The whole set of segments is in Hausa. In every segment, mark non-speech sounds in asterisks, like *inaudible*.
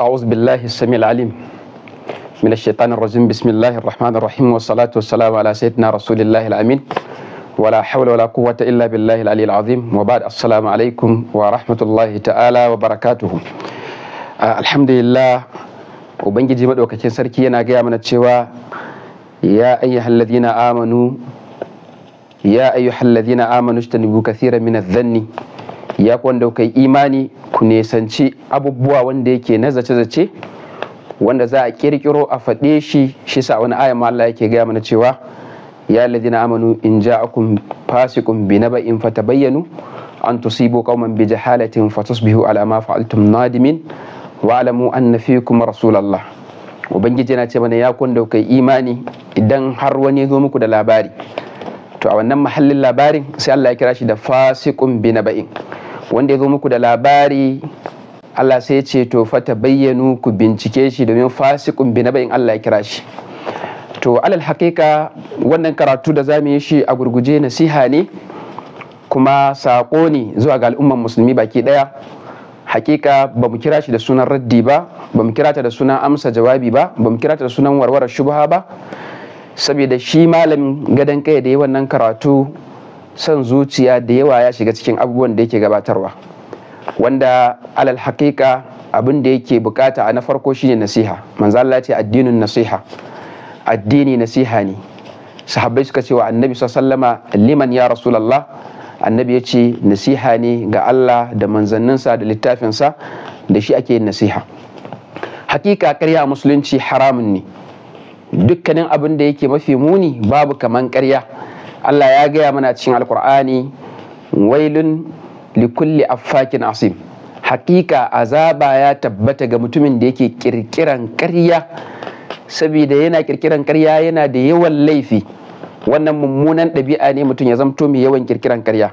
أعوذ بالله السميع العليم من الشيطان الرجيم بسم الله الرحمن الرحيم والصلاة والسلام على سيدنا رسول الله الأمين ولا حول ولا قوة إلا بالله العلي العظيم وبعد السلام عليكم ورحمة الله تعالى وبركاته آه الحمد لله وبنجي مدوكاكين سركي أنا جاي من التشوى يا أيها الذين آمنوا يا أيها الذين آمنوا اجتنبوا كثيرا من الذنّ ya wanda kuka imani ku nesanci abubuwa wanda yake na zace-zace wanda za a kirkiro a faɗe shi shi sa wani ayan Allah yake gaya mana cewa ya ladina amanu in ja'akum fasiqun bi naba'in fatabayyanu an tusibu qauman bi jahalatin fatusbihu ala ma fa'altum nadimin wa alamu anna fikum rasulallah ubangiji na ce mana ya kun da kai imani idan har wani ya zo muku da labari to a wannan mahallin labarin sai Allah ya kira shi da fasiqun binaba'in wanda ya zo muku da labari Allah sai ya ce to fata bayyanu ku bincike shi domin fasiqun binaba'in Allah ya kira shi to alal haƙiƙa wannan karatu da zamu yi shi a gurguje nasiha ne kuma saƙo ne zuwa ga al'umman musulmi baki ɗaya hakika ba mu kira shi da sunan raddi ba ba mu kira ta da sunan amsa jawabi ba ba mu kira ta da sunan warware shubha ba saboda shi malamin gadon kai da yi wannan karatu son zuciya da yawa ya shiga cikin abubuwan da yake gabatarwa wanda alal haƙiƙa abin da yake bukata a na farko shine nasiha manzo Allah ce addinin nasiha addini nasiha ne sahabbai suka ce wa annabi sallama liman ya rasu rasulullah annabi ya ce nasiha ne ga Allah da manzanninsa da littafinsa da shi ake yin nasiha hakika karya musulunci haramun ne dukkanin abin da yake mafi muni babu kaman karya. Allah ya gaya mana cikin alkur'ani wailun likulli affakin asim hakika azaba ya tabbata ga mutumin da yake kirkiran karya. saboda yana kirkiran karya yana da yawan laifi wannan mummunan ɗabi'a ne mutum ya zamto mai yawan kirkiran karya.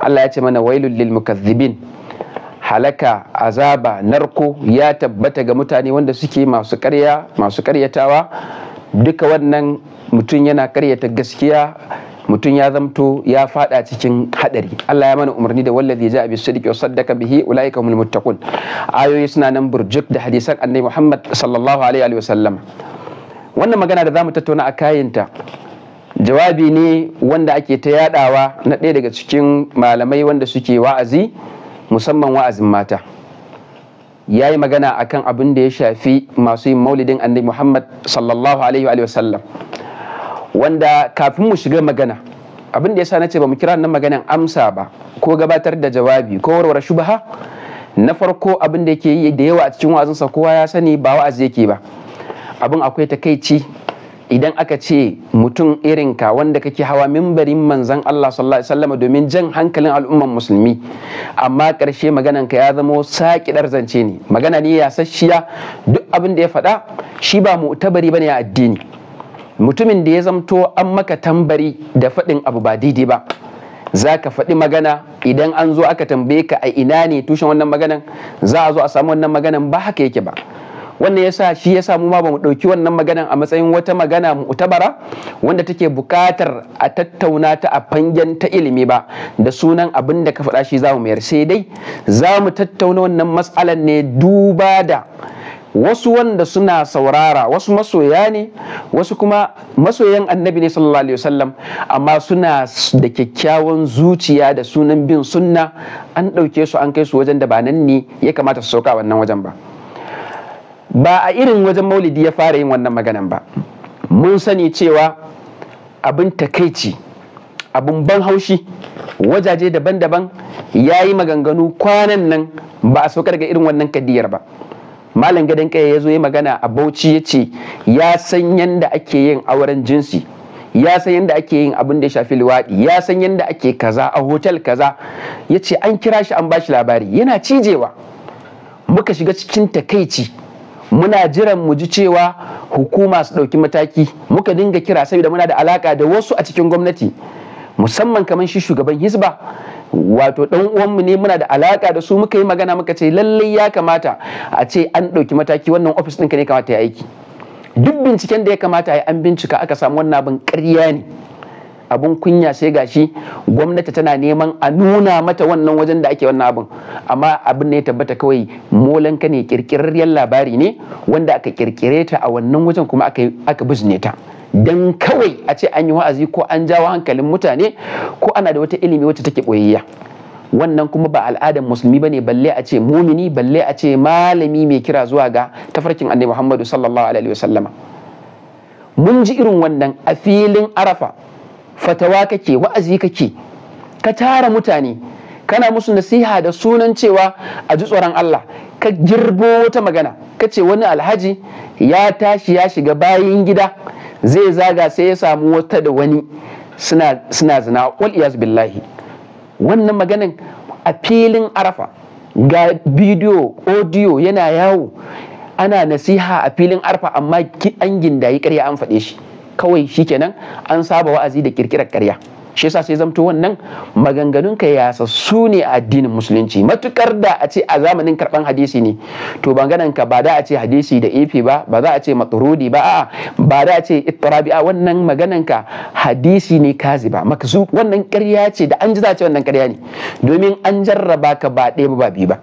Allah ya ce mana Wailun, lil mukazzibin halaka azaba narko ya tabbata ga mutane wanda suke masu karya masu ƙaryatawa duka wannan mutum yana karyata gaskiya mutum ya zamto ya fada cikin hadari Allah ya mana umarni da wallazi ja bi sadiqi wa saddaka bihi ulaika humul muttaqun ayoyi suna nan burjuk da hadisan annabi Muhammad sallallahu alaihi wa sallam wannan magana da zamu tattauna a kayinta jawabi ne wanda ake ta yadawa na ɗaya daga cikin malamai wanda suke wa'azi musamman wa'azin mata ya yi magana a kan abin da ya shafi masu yin maulidin annabi muhammad sallallahu alaihi wa sallam wanda kafin mu shiga magana abin da ya sa na ce ba mu kira nan maganan amsa ba ko gabatar da jawabi ko warware shubaha na farko abin da yake yi da yawa a cikin wa'azinsa kowa ya sani ba wa'azi yake ba abin akwai takaici idan aka ce mutum irin ka wanda kake hawa mimbarin manzan Allah sallallahu alaihi wasallam domin jan hankalin al'umman musulmi amma karshe maganan ka ya zama saƙidar zance ne magana ne ya duk abin da ya faɗa shi ba mu'tabari bane a addini mutumin da ya zamto an maka tambari da faɗin abu ba daidai ba za ka faɗi magana idan an zo aka tambaye ka a ina ne tushen wannan maganan za a zo a samu wannan maganan ba haka yake ba wannan yasa shi ya samu ma bamu ɗauki wannan magana a matsayin wata magana mu mu'tabara wanda take buƙatar a tattauna ta a fangen ta ilimi ba da sunan abin da ka faɗa shi za mu mayar sai dai za mu tattauna wannan matsalan ne duba da wasu wanda suna saurara wasu masoya ne wasu kuma masoyan annabi ne sallallahu alaihi wasallam amma suna da kyakkyawan zuciya da sunan bin sunna an ɗauke su an kai su wajen da ba nan ne ya kamata su sauka wannan wajen ba ba a irin wajen maulidi ya fara yin wannan maganan ba mun sani cewa abin takaici abin ban haushi wajaje daban-daban ya yi maganganu kwanan nan ba a saukar ga irin wannan kadiyar ba malam gadon kaya ya zo ya magana a bauchi ya ce ya san yadda ake yin auren jinsi ya san yadda ake yin abin da ya shafi luwaɗi ya san yadda ake kaza a hotel kaza ya ce an kira shi an bashi labari yana cijewa muka shiga cikin takaici muna jiran mu ji cewa hukuma su ɗauki mataki muka dinga kira saboda muna da alaka da wasu a cikin gwamnati musamman kamar shi shugaban hisba wato dan uwanmu ne muna da alaka da su muka yi magana muka ce lallai ya kamata a ce an ɗauki mataki wannan ofis ɗinka ne kamata ya aiki duk binciken da ya kamata a yi an bincika aka samu wannan abin ƙarya ne abun kunya sai gashi gwamnati tana neman a nuna mata wannan wajen da ake wannan abun amma abin ne tabbata kawai molanka ne kirkirarriyar labari ne wanda aka kirkire ta a wannan wajen kuma aka aka bizne ta dan kawai a ce an yi wa'azi ko an jawo hankalin mutane ko ana da wata ilimi wacce take boyayya wannan kuma ba al'adar musulmi bane balle a ce mumini balle a ce malami mai kira zuwa ga tafarkin annabi Muhammadu sallallahu alaihi wasallama mun ji irin wannan a filin Arafa fatawa kake wa'azi kake ka tara mutane kana musu nasiha da sunan cewa a ji tsoron Allah ka girbo wata magana ka ce wani alhaji ya tashi ya shiga bayan gida zai zaga sai ya samu wata da wani suna zina wal billahi wannan maganin a filin arafa ga bidiyo audio yana yawo ana nasiha a filin arafa amma an gindayi karya an faɗe shi kawai shi shikenan an saba wa'azi da kirkirar karya shi yasa sai zamto wannan maganganun ka ya ne a addinin musulunci matukar da a ce a zamanin karban hadisi ne to banganan ka ba da a ce hadisi da ifi ba ba za a ce maturudi ba a ba da a ce ittirabi a wannan maganan ka hadisi ne kazi ba makzu wannan karya ce da an ji za a ce wannan ƙarya ne domin an jarraba ka ba ɗaya ba biyu ba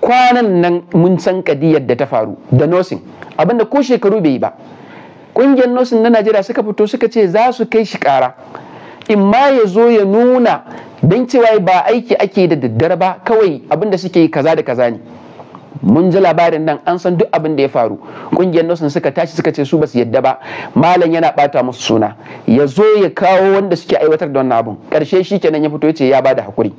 kwanan nan mun san kadiyar da ta faru da nosin abinda ko shekaru bai yi ba ƙungiyar nosin na najeriya suka fito suka ce za su kai shi kara in ma ya zo ya nuna don cewa ba aiki ake da daddare ba kawai abin da suke kaza da kaza ne mun ji labarin nan an san duk abin da ya faru kungiyar nosin suka tashi suka ce su basu yadda ba malam yana bata musu suna ya zo ya kawo wanda suke aiwatar da wannan abin karshe shi kenan ya fito ya ce ya bada hakuri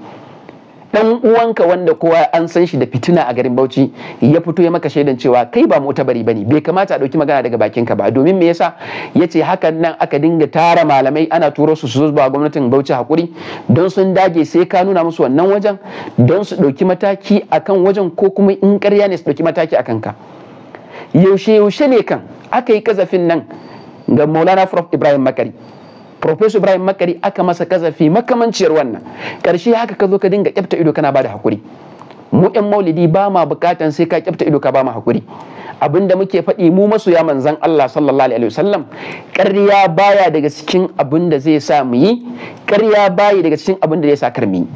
dan uwanka wanda kowa an san shi da fitina a garin Bauchi ya fito ya maka shaidan cewa kai ba mota bari bane bai kamata a dauki magana daga bakinka ba domin me yasa yace hakan nan aka dinga tara malamai ana turo su su zo ba gwamnatin Bauchi hakuri don sun dage sai ka nuna musu wannan wajen don su dauki mataki akan wajen ko kuma in ƙarya ne su dauki mataki akan ka yaushe yaushe ne kan aka yi kazafin nan ga Maulana Prof Ibrahim Makari professor ibrahim makari aka masa kazafi makamanciyar wannan Karshe haka ka zo ka dinga kyafta ido kana bada hakuri mu yan maulidi ba ma bukatan sai ka kyafta ido ka ba mu hakuri abinda muke faɗi mu ya manzan Allah sallallahu alaihi wasallam ƙarya baya daga cikin abin da zai sa mu yi ƙarya baya daga cikin abin da zai sa mu yi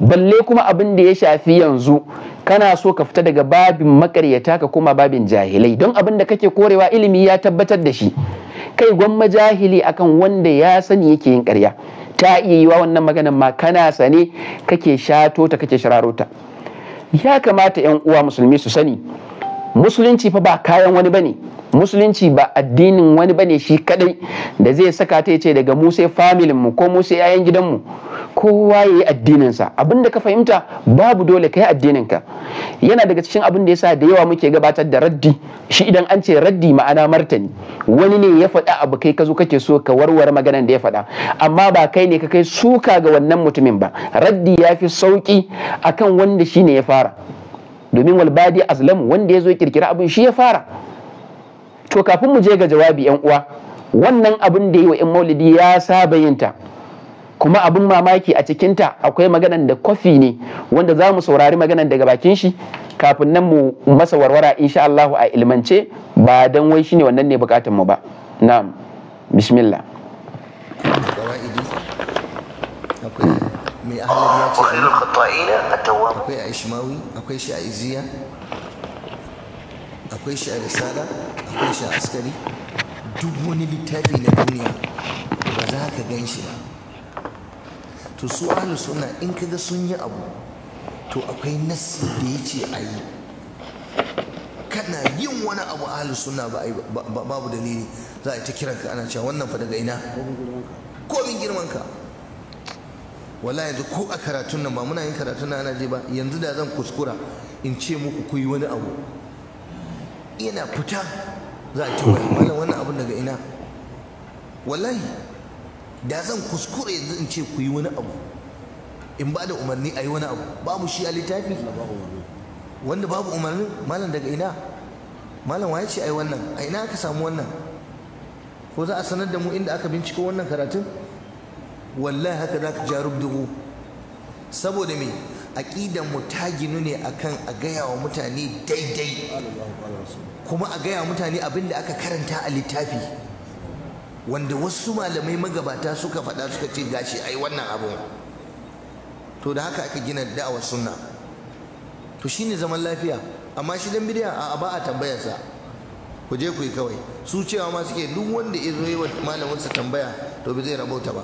balle kuma abin da ya shafi yanzu kana so ka fita daga babin makaryata ka koma babin jahilai don abin da kake korewa ilimi ya tabbatar da shi kai gwamma jahili akan wanda ya sani yake yin karya, ta iya yi wa wannan maganan ma kana sane kake shato ta kake shirarota ya kamata 'yan uwa musulmi su sani musulunci fa ba kayan wani bane musulunci ba addinin wani bane shi kadai da zai saka ta ce daga mu sai familin mu ko mu sai yayan gidan mu kowa yayi addinin sa da ka fahimta babu dole kai addinin ka yana daga cikin abin da yasa da yawa muke gabatar da raddi shi idan an ce raddi ma'ana martani wani ne ya faɗa abu kai ka zo kake so ka warware maganar da ya faɗa amma ba kai ne ka kai suka ga wannan mutumin ba raddi ya fi sauki akan wanda shi ne ya fara domin walbadi azlam wanda ya zo ya kirkira abin shi ya fara to kafin mu je ga jawabi yan uwa wannan abin da yi wa yan maulidi ya saba yinta kuma abin mamaki a cikinta akwai maganan da kwafi ne wanda za mu saurari maganan daga bakin shi kafin nan mu masa warwara insha Allah a ilmance ba dan wai shine wannan ne bukatun mu ba na'am bismillah mai ahalari ya ce akwai a ishmawi akwai shi a iziya akwai shi a risala akwai shi a askari duk wani littafi na duniya ba za ka gan shi ba to su ahlus suna in kaga sun yi abu to akwai nassi da ya ce a yi kana yin wani abu ahlus suna ba babu dalili za a yi ta kiranka ana cewa wannan fa daga ina komin girman ka wala yanzu ko a karatun nan ba muna yin karatun nan ana je ba yanzu da zan kuskura in ce muku ku yi wani abu Ina fita za a ce wani malam wannan abun daga ina wallahi da zan kuskura yanzu in ce ku yi wani abu in ba da umarni a yi wani abu babu shi a littafi wanda babu umarni malam daga ina malam waye ce a yi wannan a ina aka samu wannan ko za a sanar da mu inda aka binciko wannan karatun wallahi haka za ka ja rubdugu saboda me aƙidan mu ta ginu ne akan a gaya wa mutane daidai kuma a gaya wa mutane abin aka karanta a littafi wanda wasu malamai magabata suka faɗa suka ce gashi ai wannan abun to da haka aka gina da'awar sunna to shine zaman lafiya amma shi dan bidiya a ba a tambayarsa ku je ku yi kawai su cewa ma suke duk wanda ya zo yi wa malamin tambaya to bai zai rabauta ba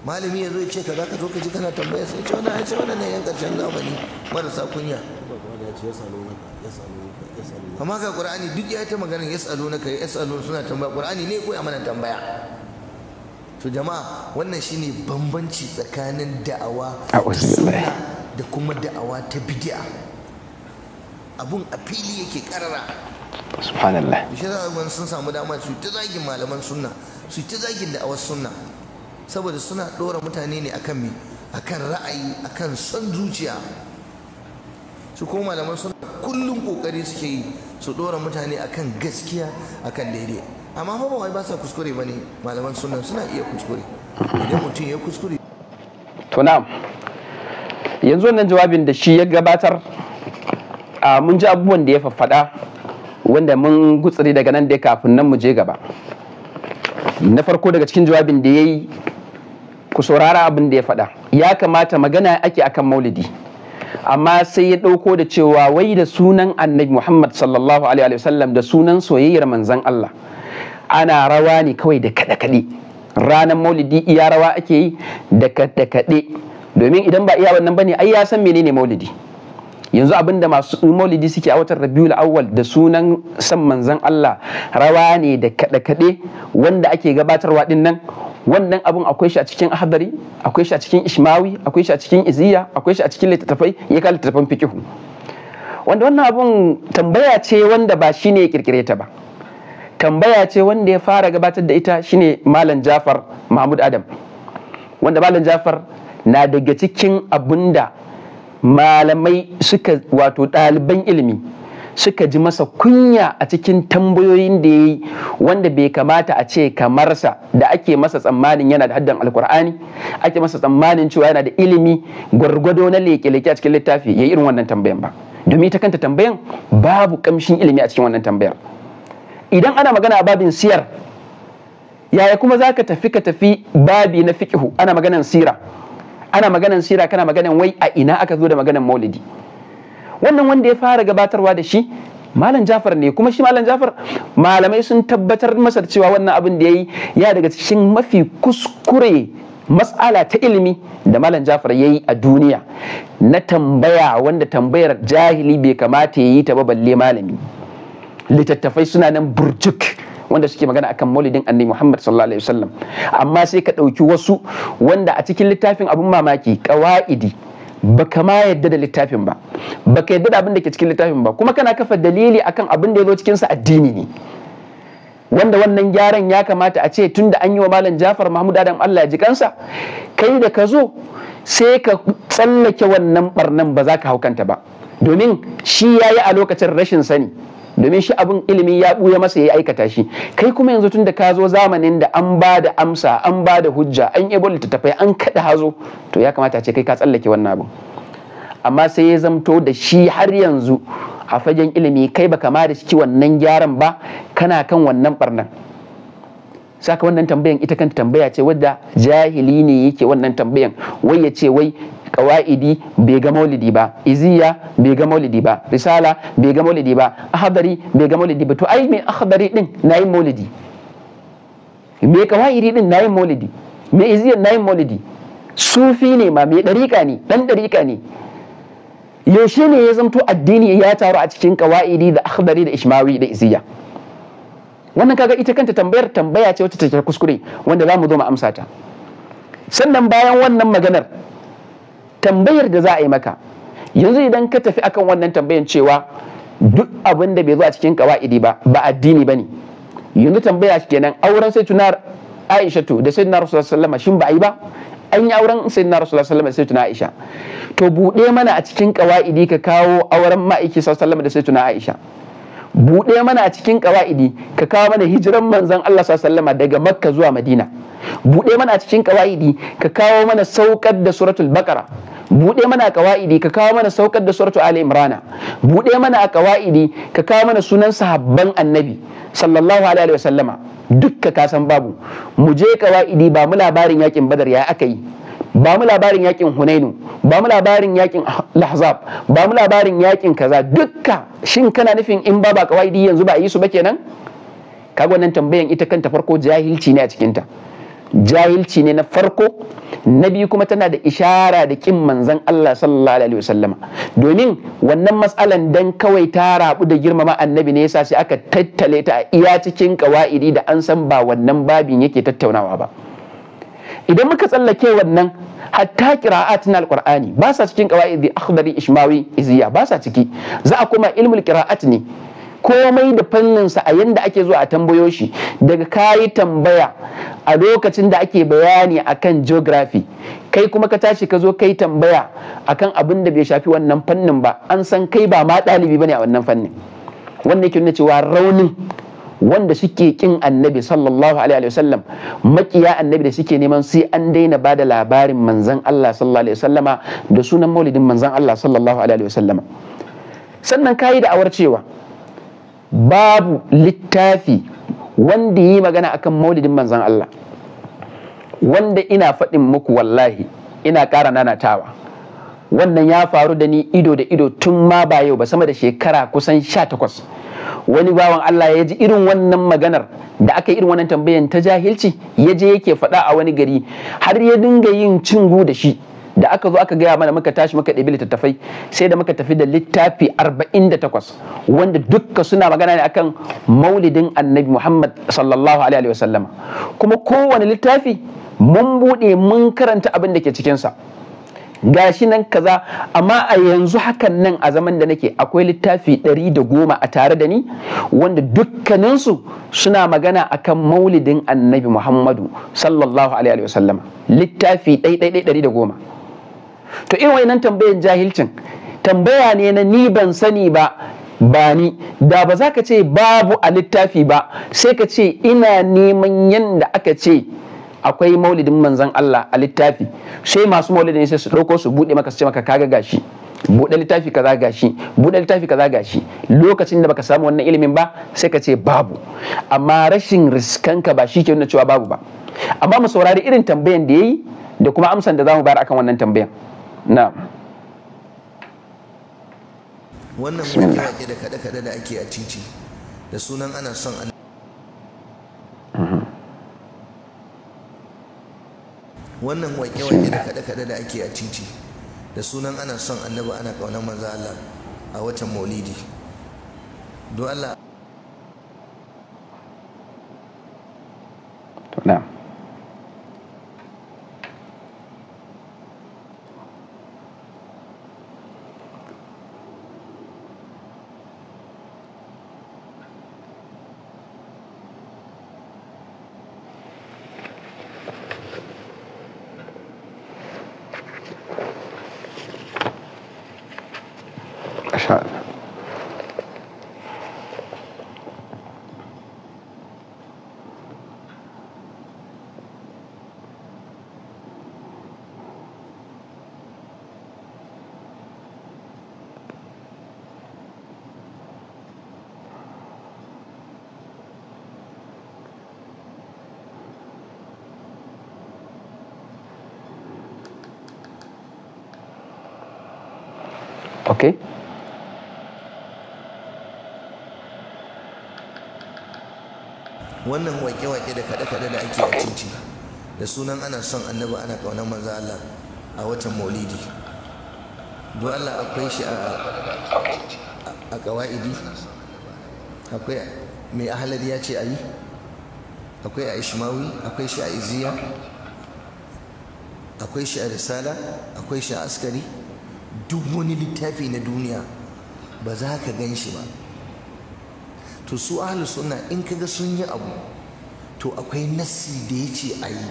malami ya zo ya ce za ka zo ka ji kana tambaya sai ce wani ce wani ne yan karshen zamani marasa kunya amma ga qur'ani duk ya ta maganar ya tsalo suna tambaya qur'ani ne ko ya mana tambaya to jama'a wannan shine bambanci tsakanin da'awa da kuma da'awa ta bid'a abun a fili yake karara subhanallah shi sun samu dama su ta zagin malaman sunna su ta zagin da'awar sunna saboda suna ɗora mutane ne akan me akan ra'ayi akan son zuciya su ko malaman suna kullum kokari suke yi su ɗora mutane akan gaskiya akan daidai amma ba wai ba sa kuskure ba ne malaman suna suna iya kuskure idan mutum ya kuskure to na'am yanzu wannan jawabin da shi ya gabatar a mun ji abubuwan da ya faffada wanda mun gutsiri daga nan da kafin nan mu je gaba na farko daga cikin jawabin da ya yi ku saurara abin da ya faɗa ya kamata magana ake akan maulidi amma sai ya ɗauko da cewa wai da sunan annabi muhammad sallallahu alaihi wasallam da sunan soyayyar manzan allah ana rawa ne kawai da kaɗe-kaɗe ranar maulidi iya rawa ake yi da kaɗe-kaɗe domin idan ba iya wannan bane ai ya san menene maulidi yanzu abin da masu maulidi suke a watan rabiul awwal da sunan san manzan Allah rawa ne da kaɗe-kaɗe wanda ake gabatarwa dinnan. nan wannan abun akwai shi a cikin ahadari akwai shi a cikin ishmawi akwai shi a cikin iziya akwai shi a cikin littattafai ya kala littattafan fikihu wanda wannan abun tambaya ce wanda ba shi ne ya kirkire ta ba tambaya ce wanda ya fara gabatar da ita shine malam jafar mahmud adam wanda malam jafar na daga cikin abunda malamai suka wato ɗaliban ilimi suka ji masa kunya a cikin tambayoyin da ya yi wanda bai kamata a ce kamarsa da ake masa tsammanin yana da haddan alkur'ani ake masa tsammanin cewa yana da ilimi gwargwado na leke-leke a cikin littafi ya yi irin wannan tambayan ba domin ita kanta tambayan babu kamshin ilimi a cikin wannan tambayar idan ana magana a babin siyar yaya kuma za ka tafi ka tafi babi na fiƙihu ana maganan sira ana maganan sira kana maganan wai a ina aka zo da maganan maulidi wannan wanda ya fara gabatarwa da shi malam jafar ne kuma shi malam jafar malamai sun tabbatar masa cewa wannan abin da ya yi ya daga cikin mafi kuskure matsala ta ilimi da malam jafar ya yi a duniya na tambaya wanda tambayar jahili bai kamata ya yi ta ba balle malami littattafai suna nan burjuk wanda suke magana akan maulidin annabi Muhammad sallallahu alaihi wasallam amma sai ka ɗauki wasu wanda a cikin littafin abun mamaki ƙawa'idi Ba ka ma yadda da littafin ba Ba ka yadda da abin da ke cikin littafin ba kuma kana kafa dalili akan abin da ya zo cikin sa addini ne wanda wannan gyaran ya kamata a ce tun da an yi wa malam Jafar Mahmud Adam Allah ya ji kansa kai da ka zo sai ka tsallake wannan barnan ba za ka kanta ba domin shi yayi a lokacin rashin sani domin shi abin ilimi ya buya masa ya aikata shi kai kuma yanzu tun da ka zo zamanin da an ba da amsa an ba da hujja an yi ta fai, an kaɗa hazo to ya kamata ce kai ka tsallake wannan abin amma sai ya zamto da shi har yanzu a fagen ilimi kai baka ma da shi wannan gyaran ba kana kan wannan barnan saka wannan tambayan ita kanta tambaya ce wadda jahili ne yake wannan tambayan wai ya ce wai qawaidi bai ga maulidi ba iziya bai ga maulidi ba risala bai ga maulidi ba ahdari bai ga maulidi ba to ai me ahdari din nayi maulidi me qawaidi din nayi maulidi me iziya nayi maulidi sufi ne ma me dariqa ne dan dariqa ne yaushe ne ya zamto addini ya taru a cikin qawaidi da ahdari da ishmawi da iziya wannan kaga ita kanta tambayar tambaya ce wacce take kuskure wanda za mu zo mu amsa ta sannan bayan wannan maganar tambayar da za a yi maka yanzu idan ka tafi akan wannan tambayan cewa duk abin da bai zo a cikin kawa'idi ba ba addini bane yanzu tambaya kenan auren sai tunar Aisha to da sayyidina Rasulullah sallallahu alaihi wasallam shin ba a yi ba an yi auren sayyidina Rasulullah sallallahu alaihi wasallam sai tuna Aisha to bude mana a cikin kawa'idi ka kawo auren ma'aiki sallallahu alaihi wasallam da sai Aisha buɗe mana a cikin ƙawa'idi ka kawo mana hijiran manzon Allah sallama daga makka zuwa madina buɗe mana a cikin ƙawa'idi ka kawo mana saukar da suratul bakara buɗe mana a ƙawa'idi ka kawo mana saukar da suratul ali imrana buɗe mana a ƙawa'idi ka kawo mana sunan sahabban annabi sallallahu alaihi sallama dukka ka san babu mu je ƙawa'idi ba mu labarin yaƙin badar ya aka yi ba mu labarin yakin hunainu ba mu labarin yakin lahzab ba mu labarin yakin kaza dukka shin kana nufin in ba ba kawaidi yanzu ba a yi su ba kenan kaga wannan tambayan ita kanta farko jahilci ne a cikin ta jahilci ne na farko na biyu kuma tana da ishara da kin manzan Allah sallallahu alaihi wasallama domin wannan matsalan dan kawai ta rabu da girmama annabi ne yasa sai aka tattale ta a iya cikin kawaidi da an san ba wannan babin yake tattaunawa ba idan muka tsallake wannan hatta qira'at na alqur'ani ba sa cikin qawaidi akhdari ishmawi iziya ba sa ciki za a koma ilmul qira'at ne komai da fannin sa a yanda ake zuwa a tambayo shi daga kayi tambaya a lokacin da ake bayani akan geography kai kuma ka tashi ka zo kai tambaya akan abin da bai shafi wannan fannin ba an san kai ba ma ɗalibi bane a wannan fannin wannan yake nuna cewa raunin wanda suke kin annabi sallallahu alaihi wasallam makiya annabi da suke neman sai an daina ba da labarin manzan Allah sallallahu alaihi da sunan maulidin manzan Allah sallallahu alaihi wasallama sannan kayi awar cewa babu littafi wanda yi magana akan maulidin manzan Allah wanda ina faɗin muku wallahi ina ƙara nanatawa wannan ya faru da ni ido da ido tun ma ba yau ba sama da shekara kusan sha takwas wani bawan Allah ya ji irin wannan maganar da aka yi irin wannan tambayan ta jahilci ya je yake faɗa a wani gari har ya dinga yin cingu da shi da aka zo aka gaya mana muka tashi muka ɗabi littattafai sai da muka tafi da littafi 48 wanda dukka suna magana ne akan maulidin annabi Muhammad sallallahu alaihi wasallama kuma kowane littafi mun buɗe mun karanta abin da ke cikinsa. gashi nan kaza amma a yanzu hakan nan a zaman da nake akwai littafi ɗari da goma a tare da ni wanda dukkaninsu suna magana akan maulidin annabi muhammadu sallallahu alaihi wasallam littafi ɗai ɗari da goma to irin wayannan tambayan jahilcin tambaya ne na ni ban sani ba ba ni da ba za ka ce babu a littafi ba sai ka ce ina neman yanda aka ce akwai maulidin manzan Allah a littafi sai masu maulidin sai su ɗauko su buɗe maka su ce maka kaga gashi buɗe littafi kaza gashi buɗe littafi kaza gashi lokacin da baka samu wannan ilimin ba sai ka ce babu amma rashin riskanka ba shi ke nuna cewa babu ba amma mu saurari irin tambayan da yayi da kuma amsan da zamu bayar akan wannan tambayan na'am wannan mutum da kada-kada da ake a titi da sunan ana son Allah mhm. wannan wanke-wanke da kaɗe-kaɗe da ake a titi da sunan ana son annabi ana kaunar manzo Allah a watan maulidi don Allah to na'am wannan wake-wake da kaɗe-kaɗe da ake a cinci, da sunan ana son annabi ana ƙaunar manzo Allah a watan maulidi don Allah akwai shi a ƙawa'idi akwai mai ahalari ya ce a yi akwai a ishmawi akwai shi a iziya akwai shi a risala akwai shi a askari duk wani littafi na duniya ba za ka gan shi ba to su ahlus sunna in kaga sun yi abu to akwai nasi da ya ce a yi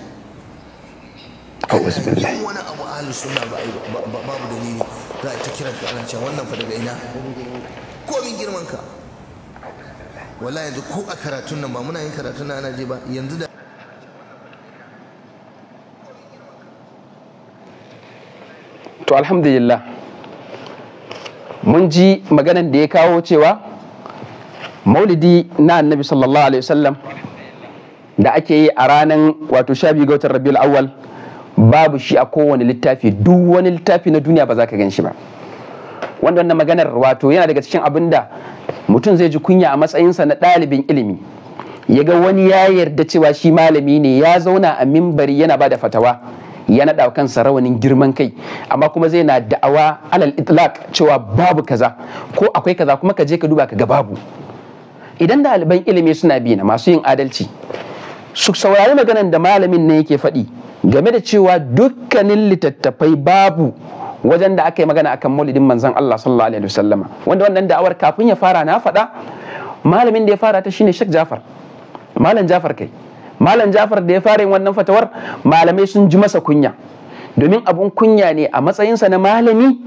yin wani abu ahlus sunna ba babu dalili za a ta kiran ka ana cewa wannan fa daga ina komin girman ka wala yanzu ko a karatun nan ba muna yin karatun nan ana je ba yanzu da to alhamdulillah mun ji maganan da ya kawo cewa maulidi na annabi sallallahu alaihi wasallam da ake yi a ranar wato sha biyu ga watan rabiul awwal babu shi a kowane littafi duk wani littafi na duniya ba za ka gan shi ba wanda wannan maganar wato yana daga cikin abin da mutum zai ji kunya a matsayinsa na ɗalibin ilimi ya ga wani ya yarda cewa shi malami ne ya zauna a mimbari yana ba da fatawa ya naɗa kansa rawanin girman kai amma kuma zai na da'awa alal itlaq cewa babu kaza ko akwai kaza kuma ka je ka duba ka ga babu idan ɗaliban ilimi suna bi na masu yin adalci su saurari maganan da malamin ne yake faɗi game da cewa dukkanin littattafai babu wajen da aka yi magana akan maulidin manzon Allah sallallahu alaihi wasallama wanda wannan da'awar kafin ya fara na faɗa malamin da ya fara ta shine Sheikh Jafar malam Jafar kai malam Jafar da ya fara yin wannan fatawar malamai sun ji masa kunya domin abun kunya ne a matsayinsa na malami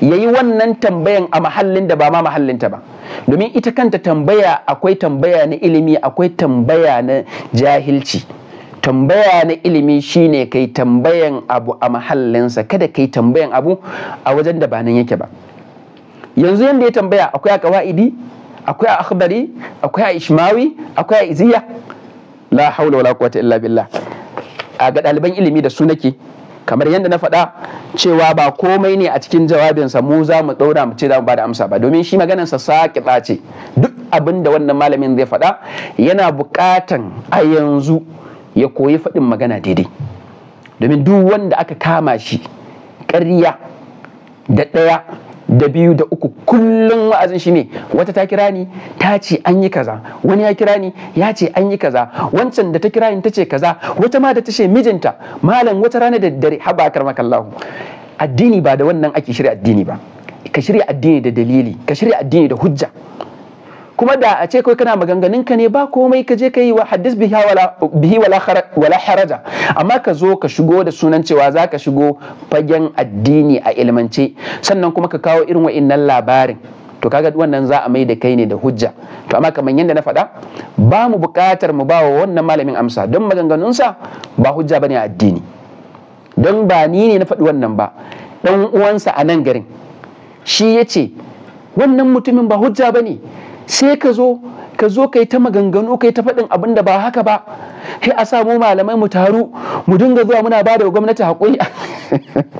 ya yi wannan tambayan a mahallin da ba ma mahallinta ba domin ita kanta tambaya akwai tambaya na ilimi akwai tambaya na jahilci tambaya na ilimi shine kai tambayan abu a mahallinsa kada kai tambayan abu a wajen da ba nan yake ba yanzu yadda ya tambaya akwai a kawa'idi akwai a akhbari akwai a ishmawi akwai a iziya la haula wala quwwata illa billah a ga ɗaliban ilimi da su nake kamar yadda na faɗa cewa ba komai ne a cikin jawabinsa mu za mu ɗaura mu ce za mu bada amsa ba domin shi maganarsa saƙiɗa ce duk abin da wannan malamin zai faɗa yana buƙatan a yanzu ya koyi faɗin magana daidai domin duk wanda aka kama shi ƙarya da ɗaya da biyu da uku kullum wa'azin shi ne wata ta kira ni ta ce an yi kaza wani ya kira ni ya ce an yi kaza wancan da ta kira ni ta ce kaza wata ma da ta ce mijinta malam wata rana da dare haba karmakallahu addini ba da wannan ake shirya addini ba ka shirya addini da dalili ka shirya addini da hujja kuma da a ce kai kana maganganun ka ne ba komai ka je ka yi wa hadis bihi wala wala haraja amma ka zo ka shigo da sunan cewa za ka shigo fagen addini a ilmance sannan kuma ka kawo irin wa'innan labarin to kaga wannan za a mai da kai ne da hujja to amma kamar yadda na faɗa ba mu buƙatar mu ba wa wannan malamin amsa don maganganunsa ba hujja bane a addini don ba ni ne na faɗi wannan ba dan uwansa a nan garin shi ya ce wannan mutumin ba hujja bane sai ka zo ka zo ka yi ta maganganu ka yi ta faɗin abin da ba haka ba sai a samu malamai mu taru mu dinga zuwa muna ba da gwamnati haƙuri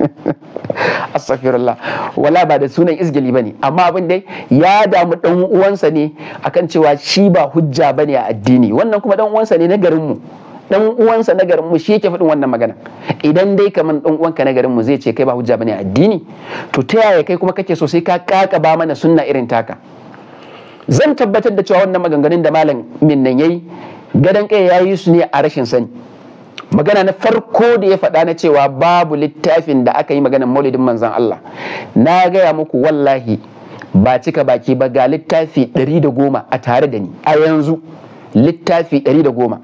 *laughs* astaghfirullah wala ba da sunan izgili bane amma abin dai ya damu dan uwansa ne akan cewa shi ba hujja bane a addini wannan kuma dan uwansa ne na garin mu dan uwansa na garin mu shi yake faɗin wannan magana idan dai kaman dan uwanka na garin mu zai ce kai ba hujja bane a addini to ta yaya kai kuma kake so sai ka kaka ba mana sunna irin taka zan tabbatar da cewa wannan maganganun da malam min nan yayi gadan kai yayi su ne a rashin sani magana na farko da ya faɗa na cewa babu littafin da aka yi maganar maulidin manzon Allah na gaya muku wallahi ba cika baki ba ga littafi ɗari da goma a tare da ni a yanzu littafi ɗari da goma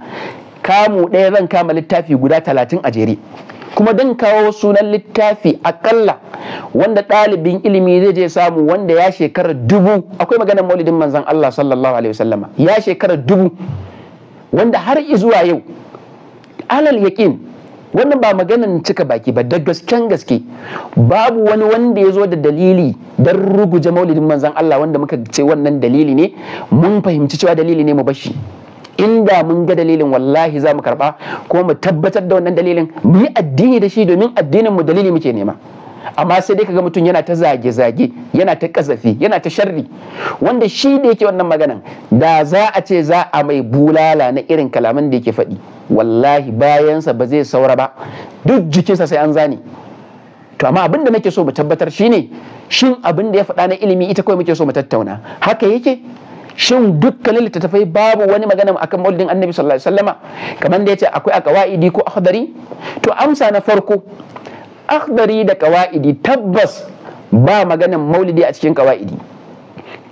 kamu ɗaya zan kama littafi guda talatin a jere kuma don kawo sunan littafi akalla wanda ɗalibin ilimi zai je samu wanda ya shekara dubu akwai maganar maulidin manzan Allah sallallahu alaihi wasallama ya shekara dubu wanda har zuwa yau alal yaƙin wannan ba maganan cika baki ba da gasken gaske babu wani wanda ya zo da dalili don ruguje maulidin manzan Allah wanda muka ce wannan dalili ne mun fahimci cewa dalili ne mu bashi inda mun ga dalilin wallahi za mu karba ko mu tabbatar da wannan dalilin mu yi addini da shi domin addinin mu dalili muke nema amma sai dai kaga mutum yana ta zage-zage yana ta kasafi yana ta sharri wanda shi da yake wannan maganan da za a ce za a mai bulala na irin kalaman da yake faɗi wallahi bayansa ba zai saura ba duk jikinsa sai an zane to amma abin da nake so mu tabbatar shine shin abin da ya faɗa na ilimi ita kawai muke so mu tattauna haka yake shin dukkanin littattafai babu wani magana akan maulidin annabi sallallahu alaihi wasallama kamar da yace akwai a kawaidi ko akhdari to amsa na farko akhdari da kawaidi tabbas ba maganan maulidi a cikin kawaidi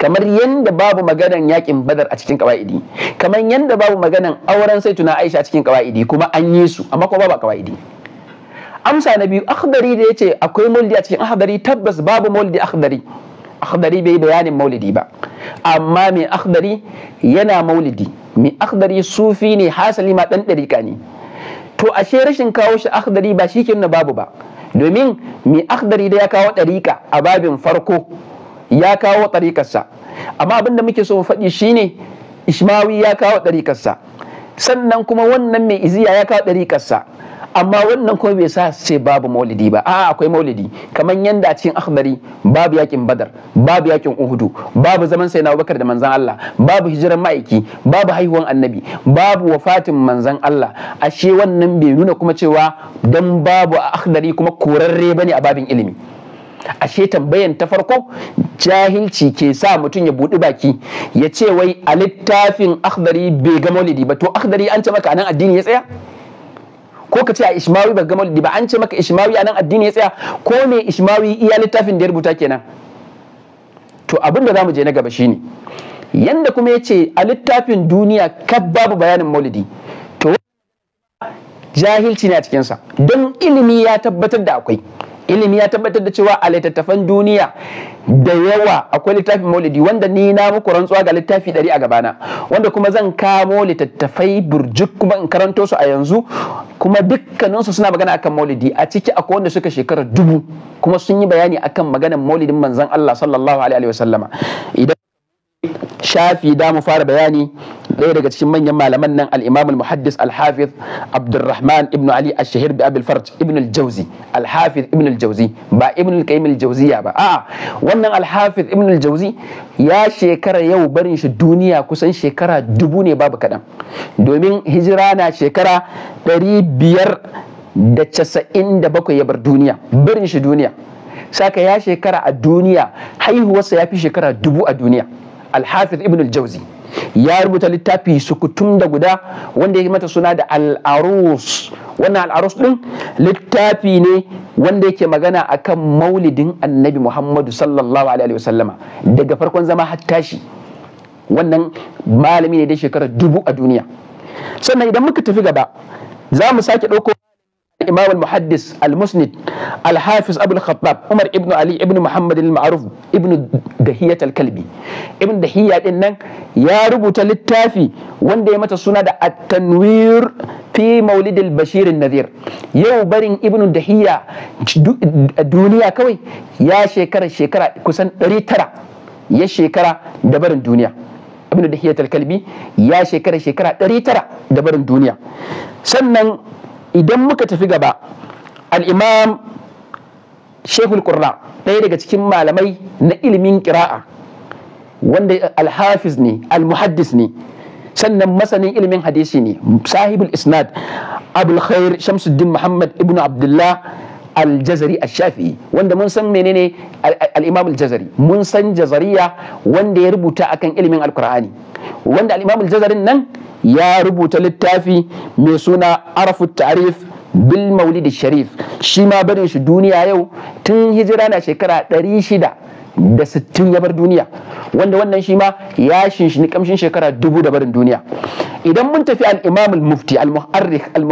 kamar yadda babu maganan yakin badar a cikin kawaidi kamar yadda babu maganan auren sai tuna aisha a cikin kawaidi kuma an yi su amma kuma babu kawaidi amsa na biyu akhdari da yace akwai maulidi a cikin akhdari tabbas babu maulidi akhdari akhdari bai bayanin maulidi ba amma mai akhdari yana maulidi mai akhdari sufi ne hasali ma dan dariƙa ne to ashe rashin kawo shi akhdari ba shi na babu ba domin mai akhdari da ya kawo dariƙa a babin farko ya kawo ɗarikarsa. amma abinda muke so mu faɗi shine ismawi ya kawo ɗarikarsa. sannan kuma wannan mai iziya ya kawo ɗariƙarsa amma wannan kuma bai sa ce babu maulidi ba a akwai maulidi kamar yadda a cikin akhbari babu yakin badar babu yakin uhudu babu zaman sai na da manzan Allah babu hijiran ma'aiki babu haihuwan annabi babu wafatin manzan Allah ashe wannan bai nuna kuma cewa don babu akhbari kuma korarre ne a babin ilimi ashe tambayan ta farko jahilci ke sa mutum ya buɗi baki ya ce wai a littafin akhdari bai ga maulidi ba to akhdari an ce maka anan addini ya tsaya ko ka ce a ishmawi ba ga maulidi ba an ce maka ishmawi anan addini ya tsaya ko me ishmawi iya littafin da ya rubuta kenan to abin da zamu je na gaba shine yanda kuma ya ce a littafin duniya ka babu bayanin maulidi to jahilci ne a cikinsa don ilimi ya tabbatar da akwai ilimi ya tabbatar da cewa a littattafan duniya da yawa akwai littafin maulidi wanda ni na muku rantsuwa ga littafi ɗari a gabana wanda kuma zan kamo littattafai burjuk kuma in karanto su a yanzu kuma dukkaninsu suna magana akan maulidi a ciki akwai wanda suka shekara dubu kuma sun yi bayani akan maganar maulidin manzon Allah sallallahu alaihi wasallama idan shafi da mu fara bayani ɗaya daga cikin manyan malaman nan al muhaddis al-hafiz abdurrahman ibn ali ash bi abil farj ibn al-jawzi ibn al ba ibn al-qayyim al ba a'a wannan al-hafiz ibn al ya shekara yau barin shi duniya kusan shekara dubu ne babu kaɗan domin hijira na shekara ɗari biyar da casa'in da bakwai ya bar duniya barin shi duniya saka ya shekara a duniya haihuwarsa ya fi shekara dubu a duniya alhafiz ibn al ya rubuta littafi sukutum da guda wanda ya mata suna da al'arus wannan al'arus din littafi ne wanda yake magana akan maulidin annabi muhammadu sallallahu alaihi wasallama daga farkon zama hatta shi wannan malami ne da shekarar dubu a duniya sannan idan muka tafi gaba za mu sake ɗauko الإمام المحدث المسند الحافظ أبو الخطاب عمر ابن علي ابن محمد المعروف ابن دهية الكلبي ابن دهية إنن يا ربط للتافي وان دي متى سنة التنوير في مولد البشير النذير يو برين ابن دهية الدنيا كوي يا شكرا شكرا كسن ريترا يا شكرا دبرن دنيا ابن دهية الكلبي يا شكرا شكرا ريترا دبرن دنيا سنن idan muka tafi gaba al'imam shekul qurra ɗaya daga cikin malamai na ilimin ƙira'a, wanda alhafiz ne almuhaddis ne sannan masanin ilimin hadisi ne sahibul isnad abul khair shamsuddin muhammad ibnu abdullah al a ash-shafi'i wanda mun san menene al jazari mun san jazariya wanda ya rubuta akan ilimin Alkur'ani. wanda al jazarin nan ya rubuta littafi mai suna arafu tarif bil maulid sharif shi ma barin shi duniya yau tun hijira na shekara shida da sittin ya bar duniya wanda wannan shi ma ya shinshini kamshin shekara dubu da barin duniya idan mun tafi al mufti al-muharrik al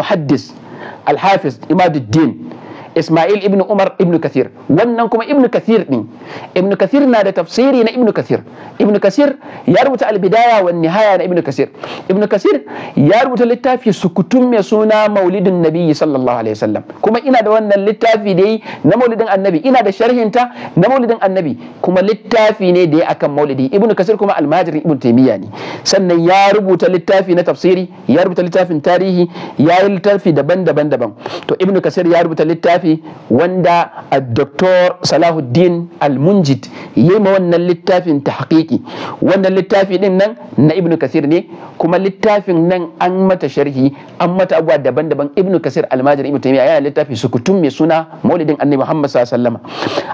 imaduddin Ismail ibn Umar ibn Kathir wannan kuma ibn Kathir din ibn Kathir na da tafsiri na ibn Kathir ibn Kathir ya rubuta al-bidaya wa nihaya na ibn Kathir ibn Kathir ya rubuta littafi sukutun mai suna Maulidin Nabi sallallahu alaihi wasallam kuma ina da wannan littafi dai na Maulidin Annabi ina da sharhinta na Maulidin Annabi kuma littafi ne da ya akan Maulidi ibn Kathir kuma almajirin ibn Taymiyyah ne sannan ya rubuta littafi na tafsiri ya rubuta littafin tarihi ya yi littafi daban-daban daban to ibn Kathir ya rubuta littafi littafi wanda dr salahuddin almunjid ya yi ma wannan littafin ta haƙiƙi wannan littafi din nan na ibn kasir ne kuma littafin nan an mata sharhi an mata abubuwa daban-daban ibn kasir almajir ibn taymiya yana littafi sukutun mai suna maulidin annabi muhammad sallallahu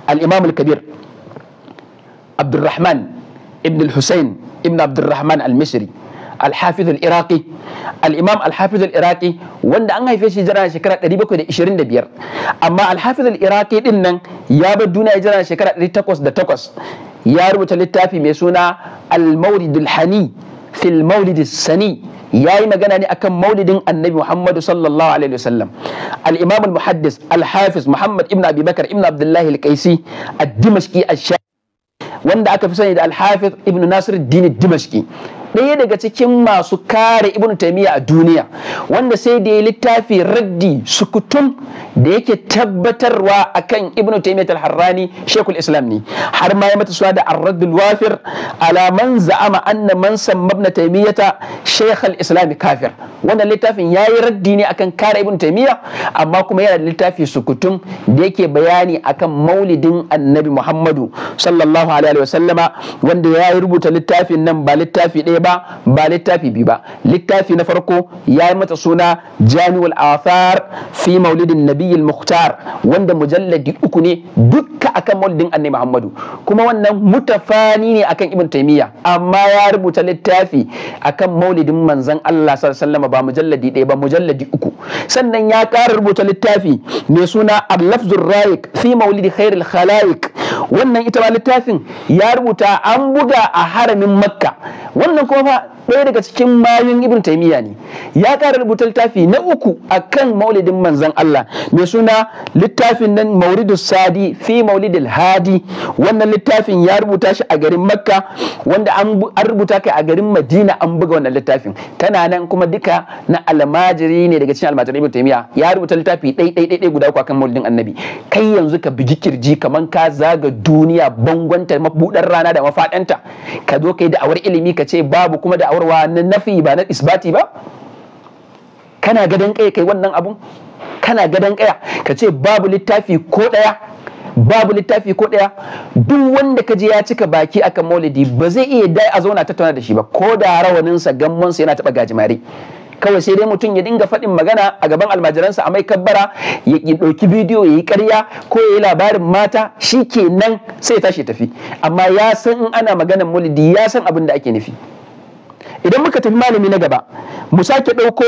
al-imam al-kabir abdurrahman ibn al-husayn ibn abdurrahman al-misri al Iraki, Alimam iraqi Iraki, wanda an haife shi jira shekara 725 amma al-hafiz al-iraqi din nan ya bar duniya jira shekara 808 ya rubuta littafi mai suna al hani fil mawlid sani ya yi magana ne akan maulidin annabi muhammadu sallallahu alaihi wasallam al-imam muhaddis al-hafiz muhammad ibn Abibakar ibn abdullahi al-qaisi ad-dimashqi wanda aka fi sani da al-hafiz ibn nasir ad-din ɗaya daga cikin masu kare ibn taimiyya a duniya wanda sai da ya littafi raddi sukutum da yake tabbatarwa akan ibn taimiyya al-harrani shekul islam ne har ma ya mata suwa da ar-raddul wafir alaman za'ama anna man samma taimiyyata shekul islam kafir wannan littafin ya yi raddi ne akan kare ibn taimiyya amma kuma yana da littafi sukutum da yake bayani akan maulidin annabi muhammadu sallallahu alaihi wa sallama wanda ya rubuta littafin nan ba littafi ɗaya ba ba littafi biyu ba littafi na farko ya yi mata suna jami'ul athar fi maulidin nabiyil muhtar wanda mujalladi uku ne dukka akan maulidin annabi muhammadu kuma wannan mutafani ne akan ibn taymiya amma ya rubuta littafi akan maulidin manzon Allah sallallahu ba mujalladi ɗaya ba mujalladi uku sannan ya ƙara rubuta littafi mai suna al-lafzur fi maulidi khairul khalaiq wannan ita ma littafin ya rubuta an buga a haramin makka wannan kuma fa ɗaya daga cikin mayun ibn taimiyya ne ya ƙara rubuta littafi na uku a kan maulidin manzan Allah mai suna littafin nan mauridus sadi fi maulidil hadi wannan littafin ya rubuta shi a garin makka wanda an rubuta kai a garin madina an buga wannan littafin tana nan kuma duka na almajiri ne daga cikin almajirai ibn taimiyya ya rubuta littafi ɗai ɗai ɗai guda uku a kan maulidin annabi kai yanzu ka bigi kirji kaman ka zaga duniya bangonta mabuɗar rana da mafaɗanta ka zo ka yi da'awar ilimi ka ce babu kuma da'awar wa na nafi ba na isbati ba kana gadon kai kai wannan abun kana gadon kaya ka ce babu littafi ko ɗaya babu littafi ko ɗaya duk wanda ka je ya cika baki akan maulidi ba zai iya dai a zauna tattauna da shi ba ko da rawaninsa gammonsa yana taɓa gajimare kawai sai dai mutum ya dinga faɗin magana a gaban almajiransa a mai kabbara ya ɗauki bidiyo ya yi ƙarya ko ya yi labarin mata shi kenan sai ya tashi tafi amma ya san in ana maganar mulidi ya san abin da ake nufi idan muka tafi malami na gaba mu sake ɗauko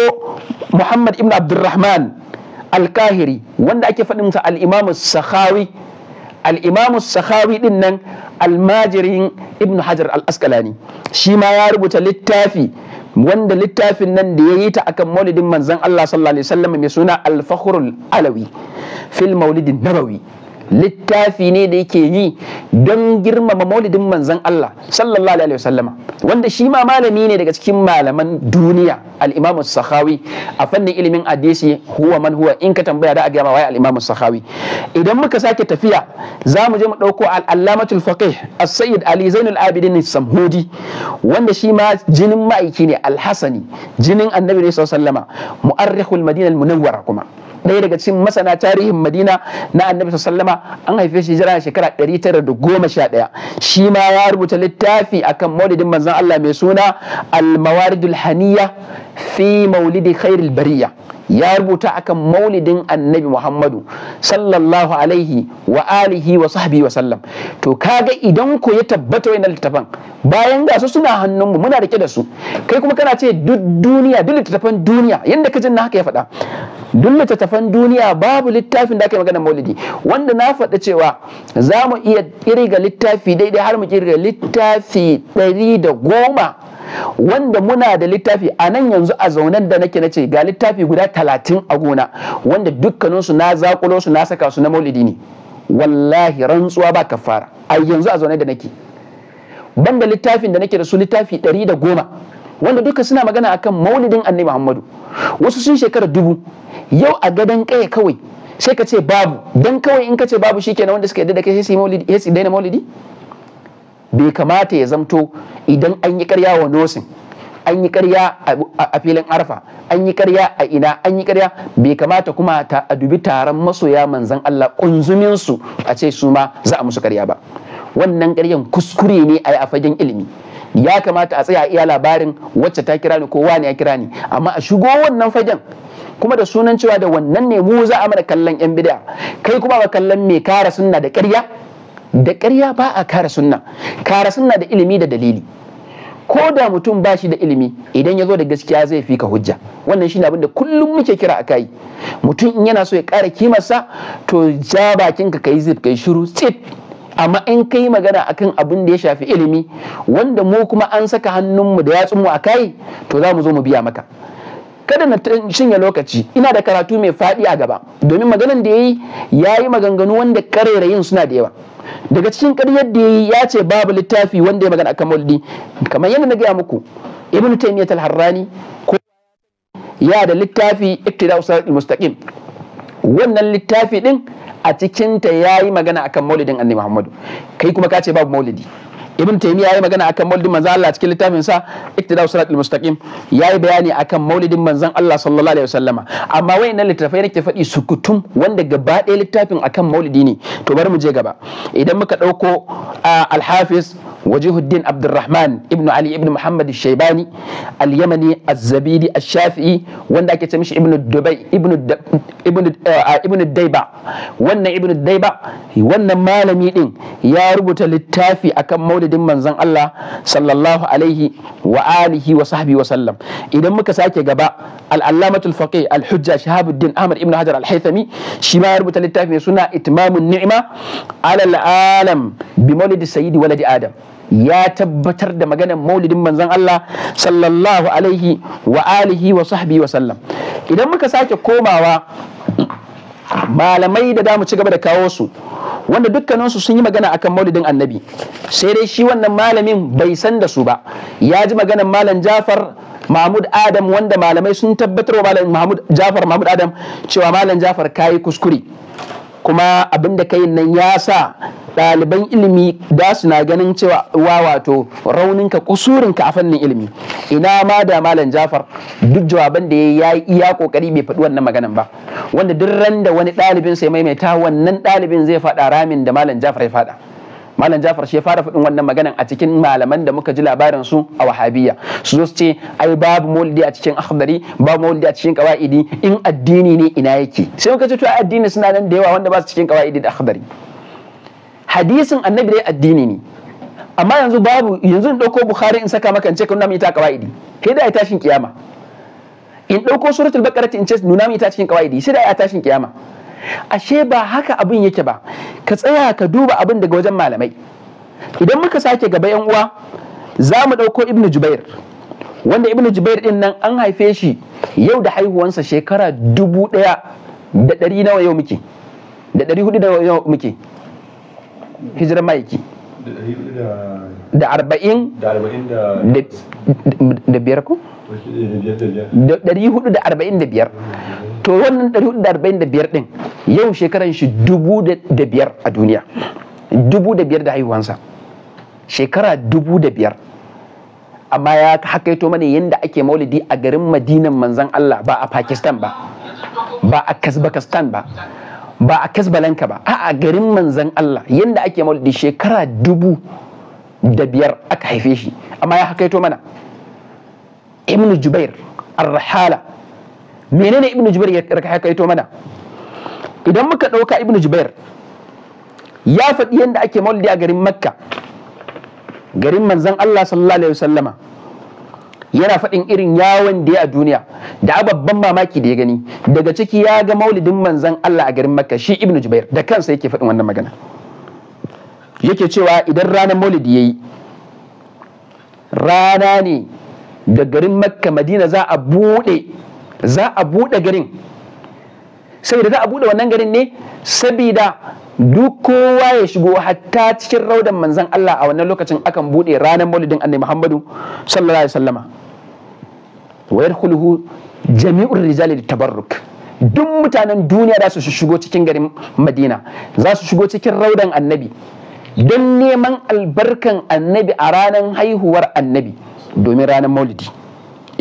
muhammad ibn abdurrahman alkahiri wanda ake faɗin sa Al'imamu imamu Al'imamu al-imamu sahawi din nan almajirin ibn hajar al-askalani shi ma ya rubuta littafi wanda littafin nan da ya yi ta akan maulidin manzan Allah sallallahu alaihi wasallam mai suna al-fakhrul alawi fil maulidin nabawi littafi ne da yake yi don girmama maulidin manzan Allah sallallahu alaihi wasallama wanda shi ma malami ne daga cikin malaman duniya al-Imam sakhawi a fannin ilimin hadisi huwa man huwa in ka tambaya da a ga wai al-Imam sakhawi idan muka sake tafiya za mu je mu dauko al-Allamatul Faqih As-Sayyid Ali Zainul Abidin Samhudi wanda shi ma jinin ma'aiki ne al-Hasani jinin Annabi sallallahu alaihi wasallama mu'arrikhul Madinatul munawwara kuma ɗaya daga cikin masana tarihin madina na annabi sallama an haife shi jira shekara ɗari tara da goma sha ɗaya. shi ma ya rubuta littafi akan maulidin Manzan Allah mai suna al-mawaridul haniya fi maulidi khairil bariya ya rubuta akan maulidin annabi muhammadu sallallahu alaihi wa alihi wa sahbihi wa sallam to kaga idan ko ya tabbata wayannan littafan bayan ga su suna hannunmu muna rike da su kai kuma kana ce duk duniya duk littafan duniya yadda ka jin na haka ya faɗa duk littattafan duniya babu littafin da aka yi magana maulidi wanda na faɗa cewa za mu iya kirga littafi daidai har mu kirga littafi ɗari da goma wanda muna da littafi a nan yanzu a zaunen da nake nace ga littafi guda talatin a gona wanda dukkaninsu na zakulo su na saka su na maulidi ne wallahi rantsuwa ba kafara a yanzu a zaune da nake banda littafin da nake da su littafi ɗari da goma wanda duka suna magana akan maulidin annabi Muhammadu wasu sun shekara dubu yau a gadon kaya kawai sai ka ce babu dan kawai in ka ce babu shikenan wanda suka yadda da kai sai maulidi sai daina maulidi bai kamata ya zamto idan an yi karya wa nosin an yi karya a filin arfa an yi karya a ina an yi karya bai kamata kuma ta a dubi taron masoya manzan Allah kunzumin su a ce su ma za a musu karya ba wannan karyan kuskure ne a a fagen ilimi ya kamata a tsaya iya labarin wacce ta kira ni ko wani ya kira ni amma a shigo wannan fagen kuma da sunan cewa da wannan ne mu za a mana kallon yan bid'a kai kuma ba kallon mai kara sunna da ƙarya da ƙarya ba a kara sunna kara sunna da ilimi da dalili ko da mutum ba shi da ilimi idan ya zo da gaskiya zai fi ka hujja wannan shi shine abin da kullum muke kira a kai mutum in yana so ya ƙara kimarsa to ja bakinka ka yi zip kai shiru tsit amma in kai magana akan abin da ya shafi ilimi wanda mu kuma an saka hannunmu da yatsunmu a kai to za mu zo mu biya maka kada na shinya lokaci ina da karatu mai faɗi a gaba domin maganan da ya yi ya yi maganganu wanda karerayin suna da yawa daga cikin ƙaryar da ya yi ya ce babu littafi wanda ya magana akan maulidi kamar yadda na gaya muku Ibnu taymiyyah al-harrani ko ya da littafi iktida siratal mustaqim wannan littafi ɗin a cikinta ya yi magana akan maulidin annabi muhammadu kai kuma ka ce babu maulidi ibn taymiya yayi magana akan maulidin manzon Allah cikin littafin sa iktida'us siratal mustaqim yayi bayani akan maulidin manzon Allah sallallahu alaihi wasallama amma wayannan littafai nake faɗi sukutum wanda gaba ɗaya littafin akan maulidi ne to bari mu je gaba idan muka ɗauko al-hafiz wajihuddin abdurrahman ibnu ali ibn muhammad shaibani al-yamani az-zabidi ash-shafi'i wanda ake ce mishi ibn dubai ibnu ibnu daiba wannan ibn daiba wannan malami din ya rubuta littafi akan maulidi madadin manzon Allah sallallahu alaihi wa alihi wa sahbihi wa sallam idan muka sake gaba al-allamatul faqih al-hujja shahabuddin ahmad ibn hajar al-haythami shi ma rubuta littafi mai suna itmamun ni'ima alal alam bi maulidi sayyidi waladi adam ya tabbatar da maganar maulidin manzon Allah sallallahu alaihi wa alihi wa sahbihi wa sallam idan muka sake komawa malamai da damu ci gaba da kawo su wanda dukkaninsu sun yi magana akan maulidin annabi sai dai shi wannan malamin bai san da su ba ya ji maganan malam jafar mahmud adam wanda malamai sun tabbatar wa malam mahmud jafar mahmud adam cewa malam jafar kayi kuskure kuma abin da kai nan ya sa ɗaliban ilimi da su na ganin cewa wa wato rauninka kusurinka a fannin ilimi ina ma da malam jafar duk jawaban da ya yi iya kokari bai faɗi wannan maganan ba wanda duk ran da wani ɗalibin sai maimaita wannan ɗalibin zai faɗa ramin da malam jafar ya faɗa malam jafar shi ya fara faɗin wannan maganan a cikin malaman da muka ji labarin su a Wahabiyya. su zo su ce ai babu maulidi a cikin akhdari babu maulidi a cikin qawaidi in addini ne ina yake sai muka ce to addini suna nan da yawa wanda ba su cikin qawaidi da akhdari hadisin annabi dai addini ne amma yanzu babu yanzu in ɗauko bukhari in saka maka in ce ka nuna ita kawaidi kai da ai tashin kiyama in ɗauko suratul baqara in ce nuna ita cikin kawaidi sai da ai tashin kiyama ashe ba haka abin yake ba ka tsaya ka duba abin daga wajen malamai idan muka sake gaba yan uwa za mu ɗauko ibnu jubair wanda ibnu jubair din nan an haife shi yau da haihuwansa shekara dubu ɗaya da ɗari nawa yau muke da ɗari hudu nawa yau muke hijirar ma'aiki da arba'in da biyar ko? dari hudu da arba'in da biyar to wannan dari hudu da arba'in da biyar din yau shekaran shi dubu da biyar a duniya dubu da biyar da haihuwansa shekara dubu da biyar amma ya hakaito mana yadda ake maulidi a garin madinan manzan Allah ba a Pakistan ba ba a Kazbakistan ba ba a kasbalanka ba a garin manzan Allah yadda ake maulidi shekara dubu da biyar aka haife shi amma ya hakaito mana ibn jubair arhala menene ibn jubair ya hakaito mana idan muka ɗauka ibn jubair ya faɗi yadda ake maulidi a garin makka garin manzan Allah sallallahu alaihi wasallama yana faɗin irin yawon da ya a duniya da babban mamaki da ya gani daga ciki ya ga maulidin manzan Allah a garin Makka shi Ibn Jubair da kansa yake faɗin wannan magana yake cewa idan ranar maulidi yayi rana ne da garin Makka Madina za a buɗe za a buɗe garin saboda za a buɗe wannan garin ne saboda duk kowa ya shigo hatta cikin raudan manzan Allah a wannan lokacin akan bude ranar maulidin annabi Muhammadu sallallahu alaihi wasallama wa yadkhuluhu jami'ur rijali tabarruk duk mutanen duniya za su shigo cikin garin Madina za su shigo cikin raudan annabi don neman albarkan annabi a ranar haihuwar annabi domin ranar maulidi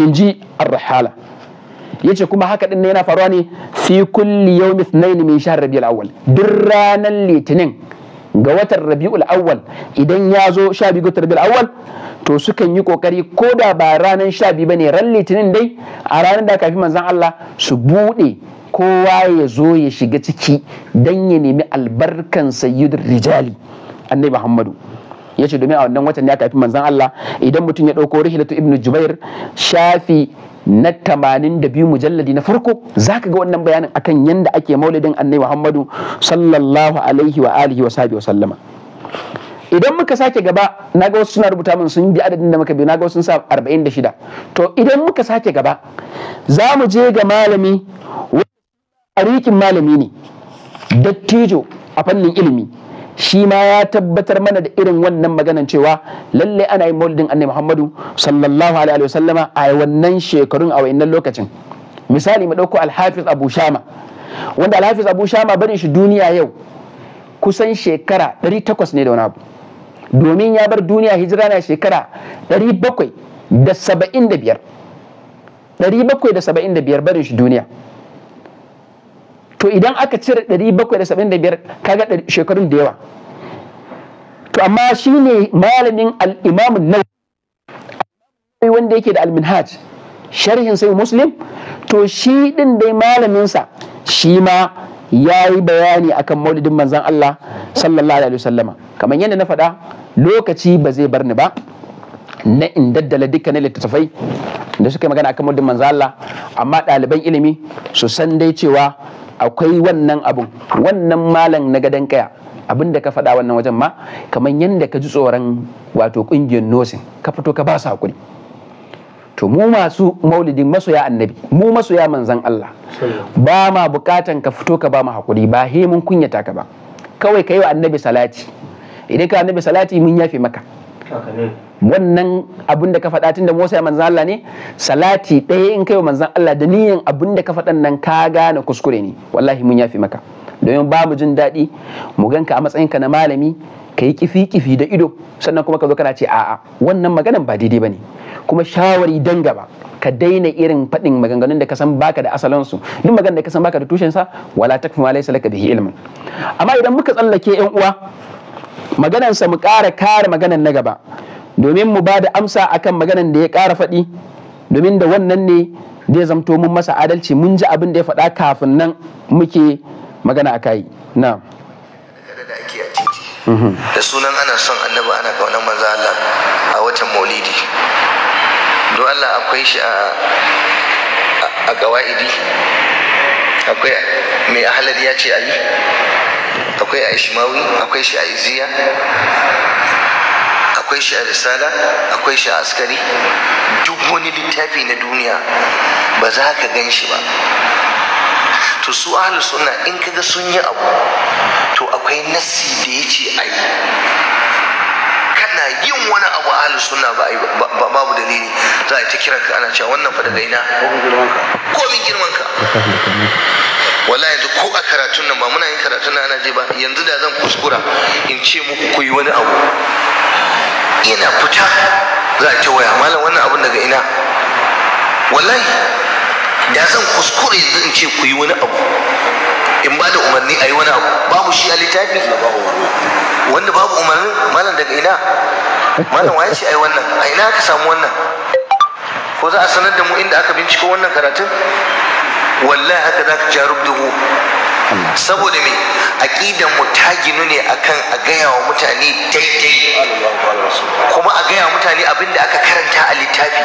inji ji rahala yace kuma haka din ne yana faruwa ne fi kulli yawm ithnain min shahr rabiul awwal duk ranar litinin ga watan rabiul awwal idan ya zo sha biyu ga rabiul awwal to sukan yi kokari ko da ba ranar sha biyu bane ran litinin dai a ranar da kafin manzon Allah su bude kowa ya zo ya shiga ciki dan ya nemi albarkan sayyidur rijali annabi muhammadu ya ce domin a wannan watan ne aka kafi manzon Allah idan mutum ya ɗauko rihilatu ibnu jubair shafi na 82 mujalladi na farko zaka ga wannan bayanin akan yanda ake maulidin annai Muhammadu sallallahu alaihi wa alihi wa sahbihi sallama idan muka sake gaba na ga wasu suna rubuta min sun bi adadin da muka bi na ga sun sa 46 to idan muka sake gaba za mu je ga malami arikin malami ne dattijo a fannin ilimi shi ma ya tabbatar mana da irin wannan maganan cewa lalle ana yin maulidin annabi Muhammadu sallallahu alaihi wa a wannan shekarun a wannan lokacin misali mu dauko al-Hafiz Abu Shama wanda al Abu Shama barin shi duniya yau kusan shekara 800 ne da wani abu domin ya bar duniya hijira na shekara da biyar barin shi duniya to idan aka cire 775 kaga shekarun da yawa to amma shine malamin al-imam an wanda yake da al-minhaj sharhin sai muslim to shi din dai malaminsa shi ma ya yi bayani akan maulidin manzan Allah sallallahu alaihi wasallama kamar yadda na faɗa lokaci ba zai bar ni ba na in daddala dukkanin littattafai da suka yi magana akan maulidin manzan Allah amma ɗaliban ilimi su san dai cewa akwai wannan abun wannan malam na gadon kaya abin da ka faɗa wannan wajen ma kamar yadda ka ji tsoron wato ƙungiyar nosin ka fito ka ba su haƙuri to mu masu maulidin masoya annabi mu masoya manzan Allah ba ma bukatan ka fito ka ba mu haƙuri ba he kunyata ka ba kawai ka yi wa annabi salati idan ka annabi salati mun yafe maka wannan abin da ka faɗa tun da Musa ya manzan Allah ne salati ɗaya in kai wa manzan Allah da niyan abin da ka faɗan nan ka gane kuskure ne wallahi mun yafi maka domin ba mu jin daɗi mu ganka a matsayin ka na malami ka yi kifi kifi da ido sannan kuma ka zo kana ce a'a wannan maganan ba daidai bane kuma shawari dan gaba ka daina irin faɗin maganganun da ka san baka da asalansu duk maganar da ka san baka da sa wala takfu ma laysa laka bihi ilmin amma idan muka tsallake yan uwa maganansa mu ƙara kare maganan na gaba domin mu ba da amsa akan maganan da ya ƙara faɗi domin da wannan ne zai zamto mun masa adalci mun ji abin da ya faɗa kafin nan muke magana a kai na da sunan ana son annabi ana kaunar manzo Allah a watan maulidi don Allah akwai shi a gawa'idi akwai mai ahalar ya ce a yi akwai a ishmawi akwai shi a iziya akwai shi a risala akwai shi a askari duk wani littafi na duniya ba za ka gan shi ba to su ahlu suna in kaga sun yi abu to akwai nasi da ya ce a yi kana yin wani abu a suna ba ba babu dalili za a yi ta kiranka ana cewa wannan fa daga ina komin girman ka wala yanzu ko a karatun nan ba muna yin karatun nan ana je ba yanzu da zan kuskura in ce muku ku yi wani abu ina fita za a ce waya malam wannan abun daga ina wallahi da zan kuskure yanzu in ce ku yi wani abu in ba da umarni a yi wani abu babu shi a littafi wanda babu umarni malam daga ina malam waye ce a yi wannan a ina aka samu wannan ko za a sanar da mu inda aka binciko wannan karatun Wallai haka za ka ja rubduhu saboda me aƙidan mu ta ginu ne akan a gaya wa mutane daidai kuma a gaya wa mutane abin da aka karanta a littafi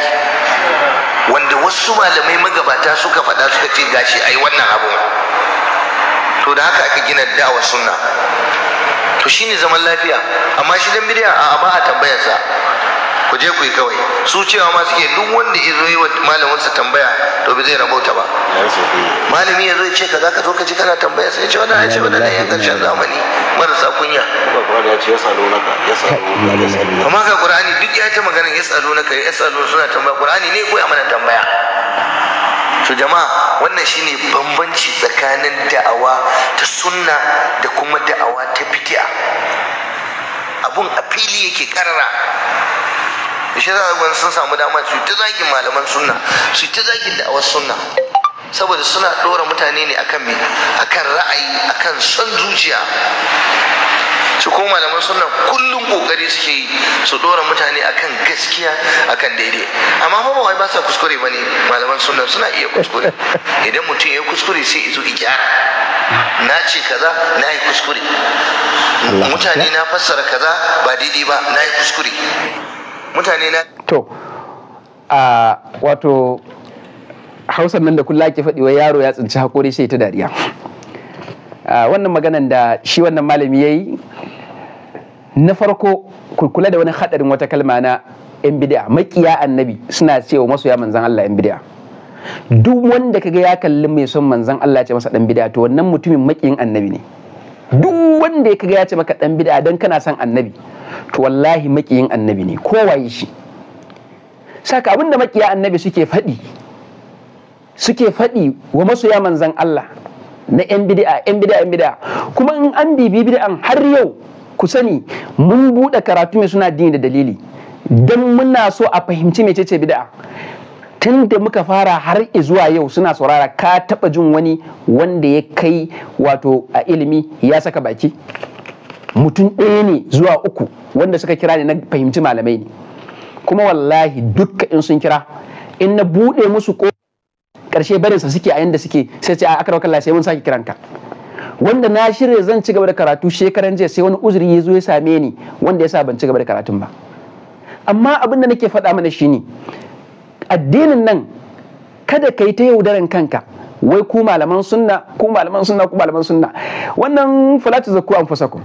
wanda wasu malamai magabata suka faɗa suka ce gashi ai wannan abu to da haka aka gina da'awar sunna to shine zaman lafiya amma shi dan bidiya a ba a tambayarsa ku je ku yi kawai su cewa ma suke duk wanda ya zo yi wa malaminsa tambaya to bai zai rabauta ba malami ya zo ya ce ka za ka zo ka ji kana tambaya sai ya ce wani ya ce wani ne yan karshen zamani marasa kunya amma ka qur'ani duk ya ta maganin ya salo naka ya salo suna tambaya qur'ani ne ko ya mana tambaya to jama'a wannan shine bambanci tsakanin da'awa ta sunna da kuma da'awa ta bid'a abun a fili yake karara shi za ga sun samu dama su ta zagin malaman sunna su ta zagin da'awar sunna saboda suna ɗora mutane ne akan me akan ra'ayi akan son zuciya su kuma malaman suna kullum kokari suke yi su dora mutane akan gaskiya akan daidai amma fa ba wai ba sa kuskure ba ne malaman suna suna iya kuskure idan mutum ya kuskure sai izo i gyara na ce kaza na yi kuskure mutane na fassara kaza ba daidai ba na yi kuskure mutane na to a wato hausar nan da kula ke faɗi wa yaro ya tsinci hakori sai ta dariya wannan maganan da shi wannan malami ya yi na farko kula da wani haɗarin wata kalma na yan bid'a makiya annabi suna cewa masoya manzan Allah yan bidiya duk wanda kaga ya kalli mai son manzan Allah ce masa dan bid'a to wannan mutumin makiyin annabi ne duk wanda ya kaga ya ce maka dan bidiya dan kana son annabi to wallahi makiyin annabi ne waye shi saka abinda makiya annabi suke faɗi suke faɗi wa masoya manzan Allah na yan bid'a yan bid'a yan bid'a kuma in an bibi bid'an har yau ku sani mun buɗe karatu mai suna dini da dalili dan muna so a fahimci mecece bid'a tun da muka fara har zuwa yau suna saurara ka taɓa jin wani wanda ya kai wato a ilimi ya saka baki mutum ɗaya ne zuwa uku wanda suka kira ne na fahimci malamai ne kuma wallahi dukka in sun kira in na buɗe musu ko ƙarshe barinsa suke a yanda suke sai ce a aka rauka sai mun sake kiranka wanda na shirya zan ci gaba da karatu shekaran jiya sai wani uzuri ya zo ya same ni wanda ya sa ban ci gaba da karatun ba amma abin da nake faɗa mana shine addinin nan kada ka yi ta yaudaran kanka wai ku malaman sunna ku malaman sunna ku malaman sunna wannan falatu zakku fasakun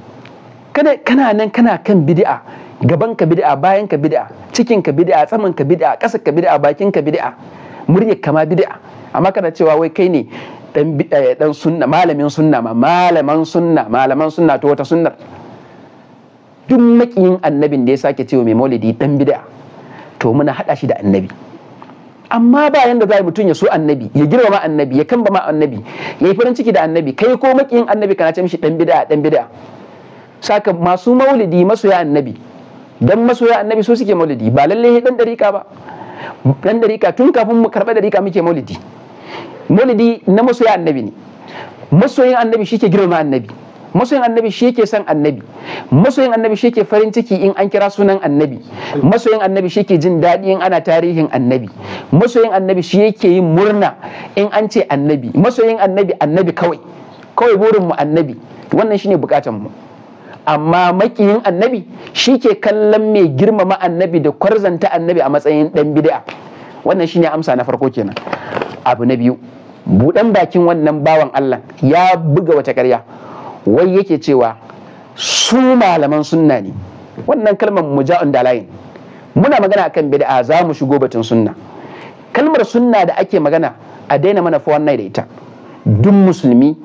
kada kana nan kana kan bid'a gaban ka bid'a bayan ka bid'a cikin ka bid'a tsaman ka bid'a ƙasa ka bid'a bakin ka bid'a muryar kama bid'a amma kana cewa wai kai ne dan eh, sunna malamin sunna ma malaman sunna malaman sunna to wata sunnar duk makiyin annabin da ya sake cewa mai maulidi dan bid'a to muna hada shi da annabi amma ba yanda za mutum ya so annabi ya girma ma annabi ya kamba ma annabi ya yi farin ciki da annabi kai ko makiyin annabi kana ce mishi dan bid'a dan bid'a saka masu maulidi masoya annabi dan masoya annabi so suke maulidi ba lalle dan dariƙa ba dan dariƙa tun kafin mu karɓa dariƙa muke maulidi maulidi na masoya annabi ne masoyin annabi shi ke girma annabi masoyin annabi shi ke son annabi masoyin annabi shi ke farin ciki in an kira sunan annabi masoyin annabi shi ke jin daɗi in ana tarihin annabi masoyin annabi shi yake yin murna in an ce annabi masoyin annabi annabi kawai kawai burin mu annabi wannan shine bukatan mu amma makiyin annabi shi ke kallon mai girmama annabi da kwarzanta annabi a matsayin ɗan bid'a wannan shine amsa na farko kenan abu na biyu buɗan bakin wannan bawan Allah ya buga wata karya. wai yake cewa su malaman sunna ne wannan kalmar muja'un da layin muna magana akan bid'a za mu shigo batun sunna kalmar sunna da ake magana a daina mana fa wannan da ita duk musulmi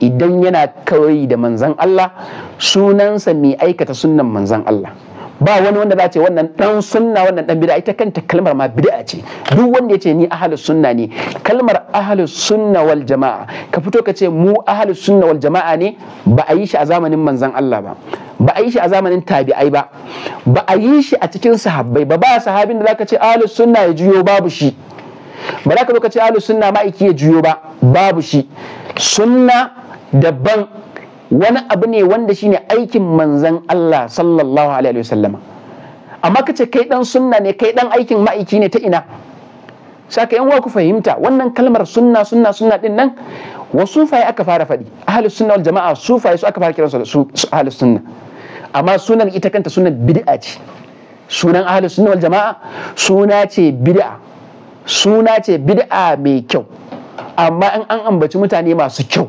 idan yana kawai da manzan Allah sunansa mai aikata sunnan manzan Allah ba wani wanda za ce wannan dan sunna wannan dan bid'a ita kanta kalmar ma bid'a ce duk wanda ya ce ni ahlus sunna ne kalmar ahlus sunna wal jama'a ka fito ka ce mu ahlus sunna wal jama'a ne ba a yi shi a zamanin manzan Allah ba ba a yi shi a zamanin tabi'ai ba ba a yi shi a cikin sahabbai ba ba sahabin da za ka ce ahlus sunna ya juyo babu shi ba za ka zo ka ce ahlus sunna ma'aiki ya juyo ba babu shi sunna daban wani abu ne wanda shine aikin manzan Allah sallallahu alaihi wasallama amma ka ce kai dan sunna ne kai dan aikin ma'aiki ne ta ina saka yan ku fahimta wannan kalmar sunna sunna sunna din nan wasu aka fara faɗi ahli sunna wal jama'a su su aka fara kiransu su ahli sunna amma sunan ita kanta sunan bid'a ce sunan ahli sunna wal jama'a suna ce bid'a suna ce bid'a mai kyau amma in an ambaci mutane masu kyau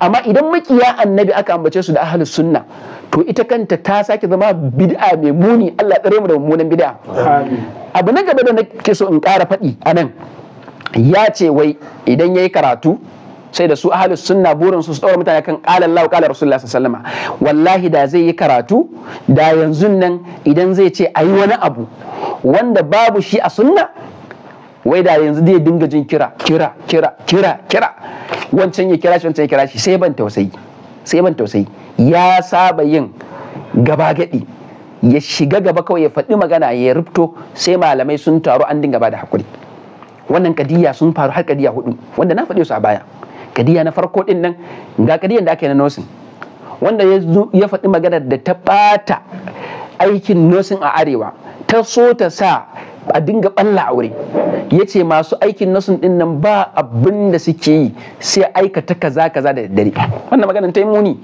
amma idan makiya annabi aka ambace su da ahlus sunna to ita kanta ta sake zama bid'a mai muni Allah tsare mu da mummunan bid'a abu na gaba da nake so in ƙara faɗi anan ya ce wai idan yayi karatu sai da su ahalus sunna burin su daura mutane kan qala Allah qala Rasulullah sallallahu alaihi wallahi da zai yi karatu da yanzu nan idan zai ce ayi wani abu wanda babu shi a sunna wai da yanzu zai dinga jin kira kira kira kira kira wancan ya kira shi wancan ya kira shi sai ban tausayi sai ban tausayi ya saba yin gaba gadi ya shiga gaba kawai ya faɗi magana ya rubto sai malamai sun taru an dinga ba da hakuri wannan kadiya sun faru har kadiya hudu wanda na faɗe su a baya kadiya na farko din nan ga kadiyan da ake na nosin wanda ya faɗi magana da ta ɓata aikin nosin a arewa ta so ta sa a dinga balla aure ya ce masu aikin nosin din nan ba abin da suke yi sai aikata kaza kaza da daddare wannan maganar ta yi muni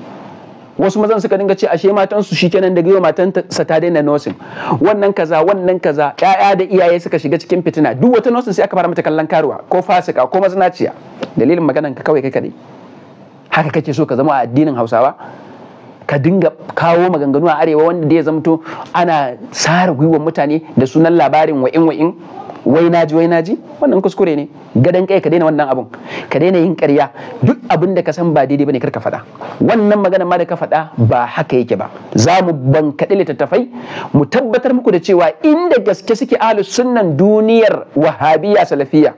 wasu mazan suka dinga ce ashe matan matansu shikenan daga yau matan sa ta daina nursing wannan kaza wannan kaza ƴaƴa da iyaye suka shiga cikin fitina duk wata nursing sai aka fara mata kallon karuwa ko fasika ko mazinaciya dalilin maganan ka kawai kai kadai haka kake so ka zama a addinin Hausawa ka dinga kawo maganganu a arewa wanda da ya zamto ana sare gwiwar mutane da sunan labarin wa'in wa'in wai na ji, wai na ji, wannan kuskure ne gadan kai ka daina wannan abun ka daina yin ƙarya duk abin da ka san ba daidai bane kar ka faɗa wannan magana ma da ka faɗa ba haka yake ba za mu bankaɗe littattafai mu tabbatar muku da cewa inda gaske suke ahlus sunnan duniyar wahabiyya salafiyya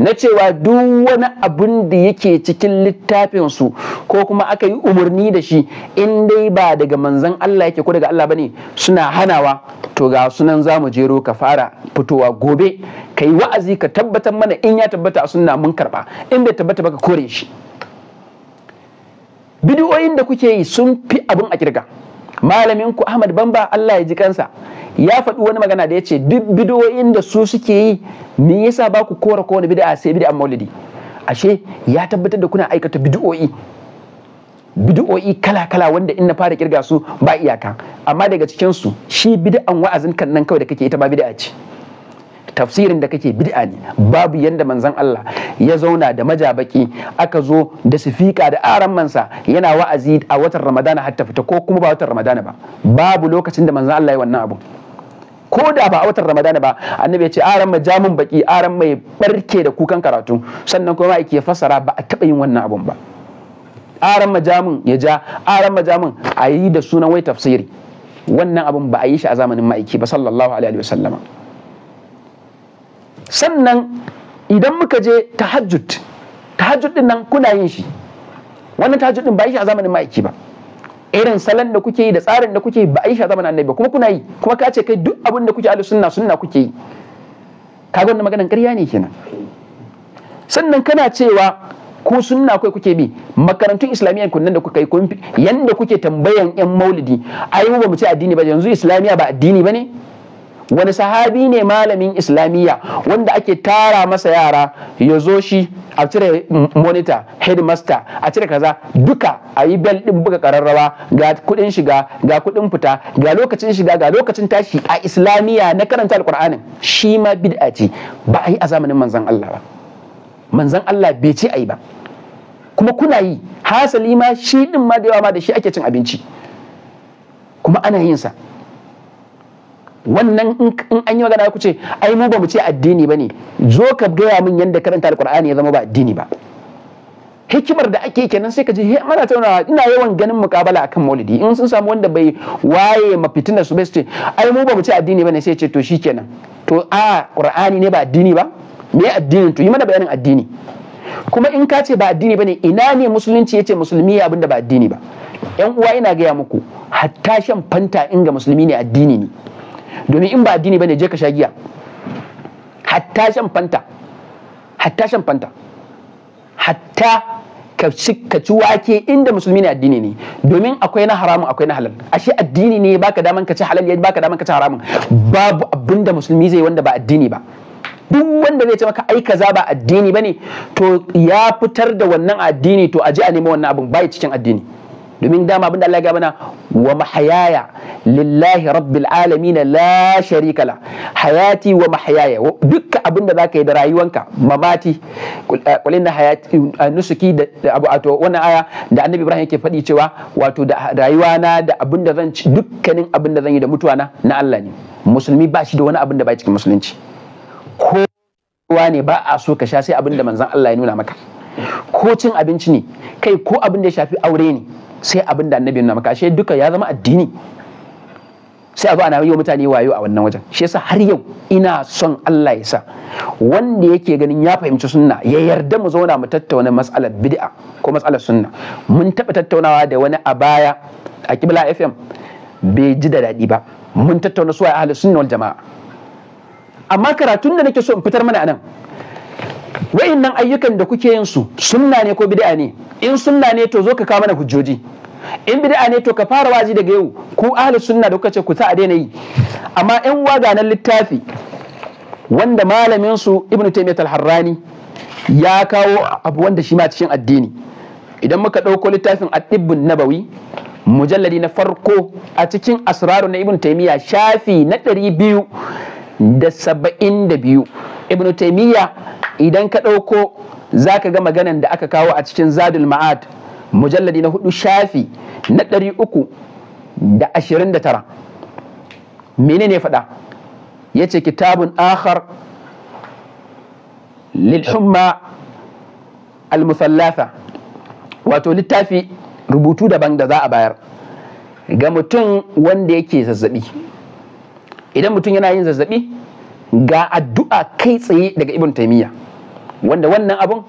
na cewa duk wani abun da yake cikin littafin su ko kuma aka yi umarni da shi in dai ba daga manzon Allah yake ko daga Allah bane suna hanawa to ga sunan zamu jero ka fara fitowa gobe ka yi wa'azi ka tabbatar mana in ya tabbata a sunna mun karba in bai tabbata ba ka kore shi bidiyoyin da kuke yi sun fi abin a kirga malamin ku Ahmad Bamba Allah ya ji kansa ya faɗi wani magana da ya ce duk bidiyoyin da su suke yi me yasa ba ku kora kowane bid'a sai bid'a maulidi ashe ya tabbatar da kuna aikata bidiyoyi bid'o'i kala-kala wanda in na fara kirga su ba iyaka amma daga cikin su shi bid'an wa'azin kan nan kawai da kake ita ba bid'a ce tafsirin da kake bid'a ne babu yanda manzon Allah ya zauna da majabaki aka zo da sifika da aran mansa yana wa'azi a watan Ramadana har ta fita ko kuma ba watan Ramadana ba babu lokacin da manzon Allah ya wannan abu ko da ba a watan ramadana ba annabi ya ce aran majamun jamun baki aran mai barke da kukan karatu sannan kuma ake fasara ba a taɓa yin wannan abun ba aran jamun ya ja aran majamun jamun a yi da sunan wai tafsiri wannan abun ba a yi shi a zamanin ma'aiki ba sallallahu alaihi wa sallama. sannan idan muka je tahajjud tahajjud din nan kuna yin shi wannan tahajjud din ba yi shi a zamanin ma'aiki ba irin salon da kuke yi da tsarin da kuke yi ba a yi shi a zamanin annabi ba kuma kuna yi kuma ka ce kai duk abin da kuke alu sunna sunna kuke yi ga wannan maganan karya ne kenan sannan kana cewa ku sunna kai kuke bi makarantun islamiyya kun nan da kuka yi yanda kuke tambayan yan maulidi ayi mu ba mu ce addini ba yanzu islamiyya ba addini ba ne wani sahabi ne malamin islamiyya wanda ake tara masa yara ya zo shi a cire monitor headmaster a cire kaza duka a yi bel din buga kararrawa ga kudin shiga ga kudin fita ga lokacin shiga ga lokacin tashi a islamiyya na karanta alkur'anin shi ma bid'a ce ba a yi a zamanin manzan Allah ba Manzan Allah bai ce a yi ba kuma kuna yi hasali ma shi din ma da yawa ma da shi ake cin abinci kuma ana yin sa wannan in an yi magana ku ce ai mu ba mu ce addini ba ne zo ka gaya min yadda karanta alkur'ani ya zama ba addini ba hikimar da ake kenan sai ka ji he mana tauna ina yawan ganin mukabala akan maulidi in sun samu wanda bai waye mafitinar su bai ce ai mu ba mu ce addini bane sai ce to shikenan to a qur'ani ne ba addini ba me addini to yi mana bayanin addini kuma in ka ce ba addini bane ina ne musulunci yace musulmi abin da ba addini ba yan uwa ina gaya muku hatta shan fanta inga musulmi ne addini ne domin in ba addini bane je ka sha giya hatta shan fanta hatta shan fanta hatta ka ci ka ci wake inda musulmi ne addini ne domin akwai na haramun akwai na halal ashe addini ne baka daman ka ci halal ya baka daman ka ci haramun babu abinda musulmi zai wanda ba addini ba duk wanda zai ce maka ai kaza ba addini bane to ya fitar da wannan addini to aje a nemi wannan abin bai cikin addini domin dama abinda Allah ya na wa mahayaya lillahi rabbil alamin la sharika la hayati wa mahayaya dukkan abinda zaka yi da rayuwanka mamati qul eh, hayati eh, nusuki da abu ato wannan aya da Annabi Ibrahim yake faɗi cewa wato da rayuwana da abinda zan ci dukkanin abinda zan yi da mutuwa na na Allah ne musulmi ba shi da wani abin da ba cikin musulunci kowa ne ba a so ka sha sai abin da manzon Allah ya nuna maka ko cin abinci ne kai ko abin da ya shafi aure ne sai abin da annabi na makashe duka ya zama addini sai a zo ana yi mutane wayo a wannan wajen shi yasa har yau ina son Allah ya sa wanda yake ganin ya fahimci sunna ya yarda mu zauna mu tattauna Mas'alar bid'a ko Mas'alar sunna mun taɓa tattaunawa da wani a baya a kibla fm bai ji da daɗi ba mun tattauna suwa ahlus sunna wal jama'a amma karatun da nake so in fitar mana anan wa'innan ayyukan da kuke yin su sunna ne ko bid'a ne in sunna ne to zo ka kawo mana hujjoji in bid'a ne to ka fara wazi daga yau ku ahli sunna da kuka ce ku ta a daina yi amma yan waga na littafi wanda malamin su ibnu taymiyyah al-harrani ya kawo abu wanda shi ma cikin addini idan muka ɗauko littafin ad-dibbun nabawi mujalladi na farko a cikin asraru na ibnu taymiyyah shafi na ɗari biyu da saba'in da biyu ibnu taymiyyah idan ka ɗauko za ka ga maganan da aka kawo a cikin zadul ma'ad mujalladi na hudu shafi na ɗari uku da ashirin da tara menene faɗa ya ce kitabun akhar lilhumma almusallafa wato littafi rubutu daban da za a bayar ga mutum wanda yake zazzabi idan mutum yana yin zazzabi ga addu'a kai tsaye daga ibn taimiyya wanda wannan abun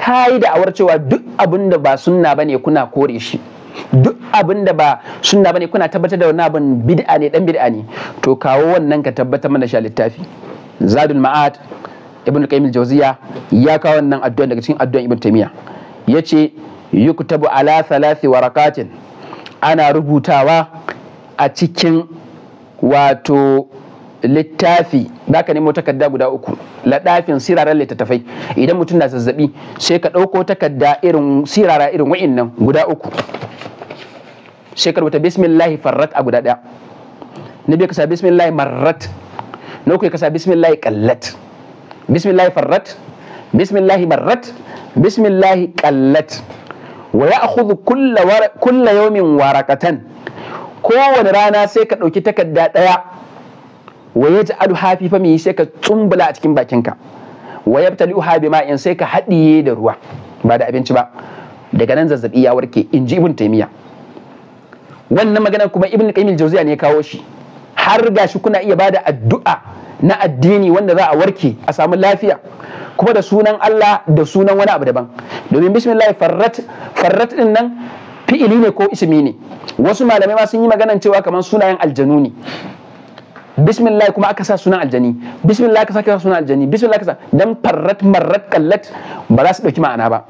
ka yi awar cewa duk abin da ba sunna bane kuna kore shi duk abin da ba sunna bane kuna tabbatar da wani abin bid'a ne dan bid'a ne to kawo wannan ka tabbatar mana sha littafi zadul ma'ad ibn qayyim al-jawziya ya kawo wannan addu'a daga cikin addu'a ibn taymiya yace yuktabu ala thalathi warakatin ana rubutawa a cikin wato littafi zaka nemo takarda guda uku ladafin siraran littattafai idan mutum na zazzabi sai ka ɗauko takarda irin sirara irin nan guda uku sai ka rubuta bismillahi farrat a guda ɗaya na biyu ka sa bismillahi marrat na uku ka sa bismillahi kallat bismillahi farrat bismillahi marrat bismillahi kallat wa ya akhudhu kulla yawmin warakatan kowane rana sai ka ɗauki takarda ɗaya wa ya adu hafifa mi sai ka tsumbula a cikin bakinka wa yabtali'uha ma'in sai ka haɗiye da ruwa ba da abinci ba daga nan zazzaɓi ya warke in ji ibn taimiya wannan magana kuma ibn qayyim Jauziya ne ya kawo shi har ga shi kuna iya ba da addu'a na addini wanda za a warke a samu lafiya kuma da sunan Allah da sunan wani abu daban domin bismillah farrat farrat din nan fi'ili ne ko ismi ne wasu malamai ma sun yi maganan cewa kamar sunayen aljanu ne bismillah kuma aka sa sunan aljani bismillah aka sa sunan aljani bismillah aka sa dan farrat marrat kallat ba za su dauki ma'ana ba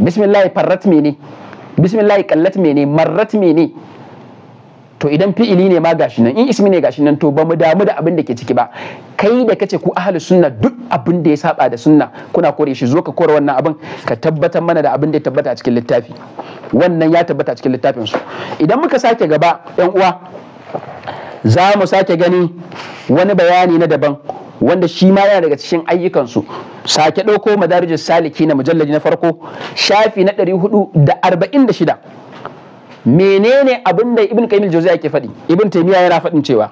bismillah farrat mene bismillah kallat mene marrat mene to idan fi'ili ne ma gashi nan in ismi ne gashi nan to ba mu damu da abin da ke ciki ba kai da kace ku ahli sunna duk abin da ya saba da sunna kuna kore shi zo ka kore wannan abin ka tabbatar mana da abin da ya tabbata a cikin littafi wannan ya tabbata a cikin littafin su idan muka sake gaba yan uwa za mu sake gani wani bayani na daban wanda shi ma yana daga cikin ayyukansu sake ɗauko madarijar saliki na mujallaji na farko shafi na 446 menene abin da ibn kaimil al-jawziy yake faɗi ibn taimiya yana faɗin cewa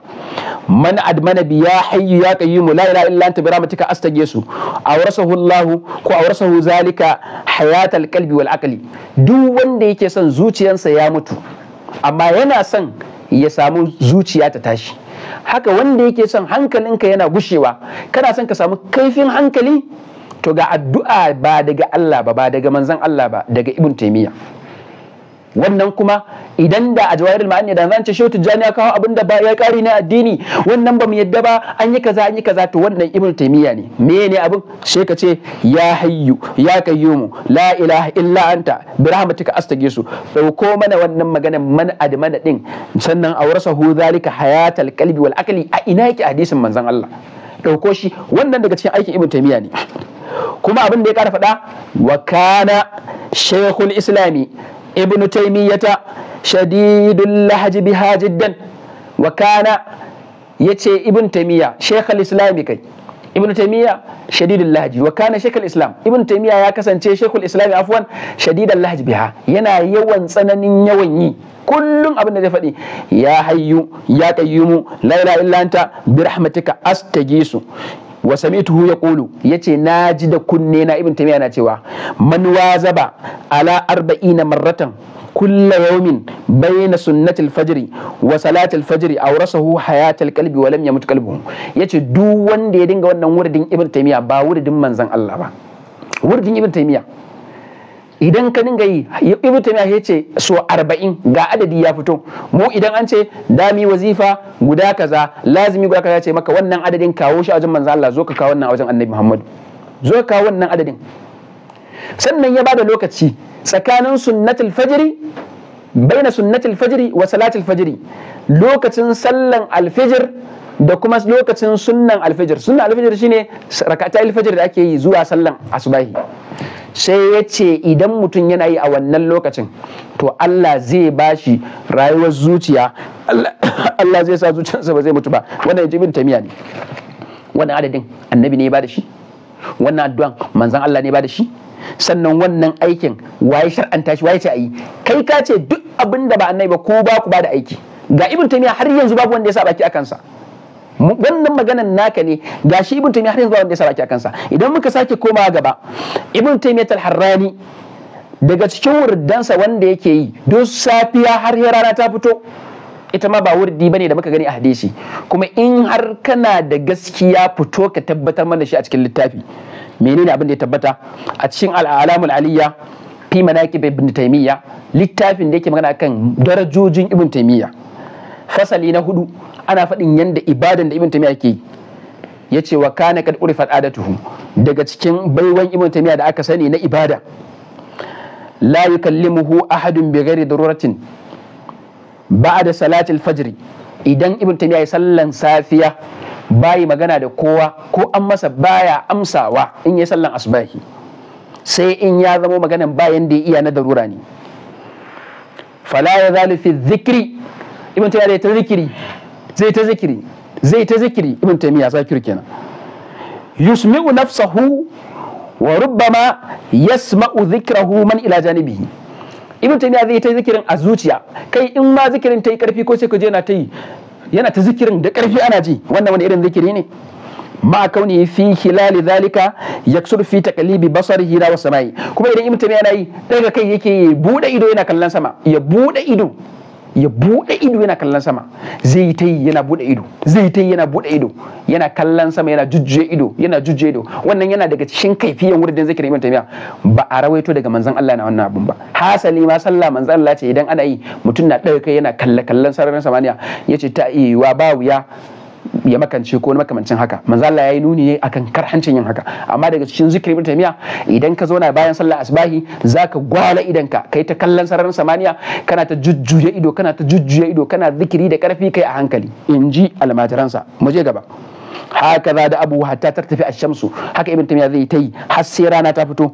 man admana bi ya hayyu ya qayyum la ilaha illa anta bi rahmatika astaghfisu awrasahu allah ko awrasahu zalika hayatal qalbi wal aqli duk wanda yake son zuciyarsa ya mutu amma yana son ya samu zuciya ta tashi haka wanda yake son hankalinka yana gushewa kana son ka samu kaifin hankali to ga addu'a ba daga Allah ba ba daga manzon Allah ba daga ibn taymiyyah wannan kuma idan da a jawairul ma'ani da zan ce shehu tijjani ya kawo abin da ba ya kari na addini wannan ba mu yadda ba an yi kaza an yi kaza to wannan ibnu taymiya ne me ne abin sai ka ce ya hayyu ya kayyumu la ilaha illa anta bi rahmatika su dauko mana wannan magana man admana din sannan hu zalika hayatal qalbi wal akli a ina yake hadisin manzon Allah dauko shi wannan daga cikin aikin ibnu taymiya ne kuma abin da ya kara faɗa wa kana shaykhul islami ibnu taimiyata shadidul lahaji biha jiddan wa kana yace ibn taimiyya shekhal islami kai ibn taimiyya shadidul lahaji wa kana shekhal islam ibn taimiyya ya kasance shekhul islami afwan shadidul lahaji biha yana yawan tsananin yawan yi kullum abin da zai faɗi ya hayyu ya qayyumu la ilaha illa anta bi rahmatika astagisu wa sami'tuhu yaqulu yace ji da kunne na ibn Tamiya na cewa man wazaba ala arba'ina marratan kulla yawmin bayna sunnatil fajiri wa salatil fajri awrasahu hayatal qalbi wa lam yamut qalbuhu yace duk wanda ya dinga wannan wuridin ibn Tamiya ba wuridin manzon Allah ba wuridin ibn Tamiya. idan ka dinga yi ibnu taymiya ya ce so 40 ga adadi ya fito mu idan an ce dami wazifa guda kaza lazimi guda kaza ce maka wannan adadin kawo shi a wajen manzo Allah zo ka kawo wannan a wajen annabi Muhammad zo ka kawo wannan adadin sannan ya bada lokaci tsakanin sunnatul fajri baina sunnatul fajri wa salatul fajri lokacin sallan alfijir da kuma lokacin sunnan alfajir sunnan alfajir shine rakata alfajir da ake yi zuwa sallan asubahi sai ya ce idan mutum yana yi a wannan lokacin to Allah zai bashi rayuwar zuciya Allah *coughs* zai sa zuciyarsa ba zai mutu ba wannan bin tamiya ne wannan adadin annabi ne ya bada shi wannan addu'an manzan Allah ne ba da shi sannan wannan aikin waye shar'anta shi waye ce ayi kai ka ce duk abin da ba annabi ba ko ba ku ba da aiki ga ibn taymiya har yanzu babu wanda ya sa baki akan sa wannan maganan naka ne gashi ibn taymiyyah har yanzu wanda ya saraki kansa idan muka sake koma gaba ibn taymiyyah al-harrani daga cikin wurdansa wanda yake yi don safiya har ya rana ta fito ita ma ba wurdi bane da muka gani a hadisi kuma in har kana da gaskiya fito ka tabbatar mana shi a cikin littafi menene abin da ya tabbata a cikin al'alamul aliyya fi manaqib ibn taymiya littafin da yake magana akan, darajojin ibn taymiya fasali na hudu ana faɗin yadda ibadan da ibn Tamiya ke ya ce wa kana kad urifat adatuhu daga cikin baiwan ibn Tamiya da aka sani na ibada la yukallimuhu ahadun bi ghairi daruratin da Salatin fajr idan ibn Tamiya ya sallan safiya bayi magana da kowa ko an masa baya amsawa in ya sallan asbahi sai in ya zama maganan bayan da ya iya na darura ne fala ya zalu fi ibn Tamiya ta zikiri zai ta zikiri zai ta zikiri ibn taymiya zakir kenan yusmi'u nafsahu wa rubbama yasma'u dhikrahu man ila janibihi ibn taymiya zai ta zikirin a zuciya kai in ma zikirin ta yi karfi ko sai ka je yana ta yana ta zikirin da karfi ana ji wannan wani irin zikiri ne ma kauni fi hilali zalika yaksur fi taqlibi basarihi la wasamai kuma idan ibn taymiya yana yi daga kai yake bude ido yana kallon sama ya bude ido ya bude ido yana kallon sama zai yi ta yi yana bude ido zai yi ta yi yana bude ido yana kallon sama yana jujjuye ido yana jujjuye ido wannan yana daga cikin kaifiyan wurin zikirin ibn tamiya ba a rawaito daga manzon Allah na wannan abun ba hasali ma sallah manzon Allah ce idan ana yi mutum na dauke yana kalle kallon sararin samaniya yace ta iya eh, wa ba wuya ya makance ko makamancin haka manzo Allah yayi nuni ne akan karhancin yin haka amma daga cikin zikirin ibn taymiya idan ka zauna bayan sallar asbahi zaka gwala idanka kai ta kallon sararin samaniya kana ta jujjuya ido kana ta jujjuya ido kana zikiri da karfi kai a hankali inji almajiransa mu je gaba haka da abu hatta tartafi ash-shamsu haka ibn taymiya zai tai har sai rana ta fito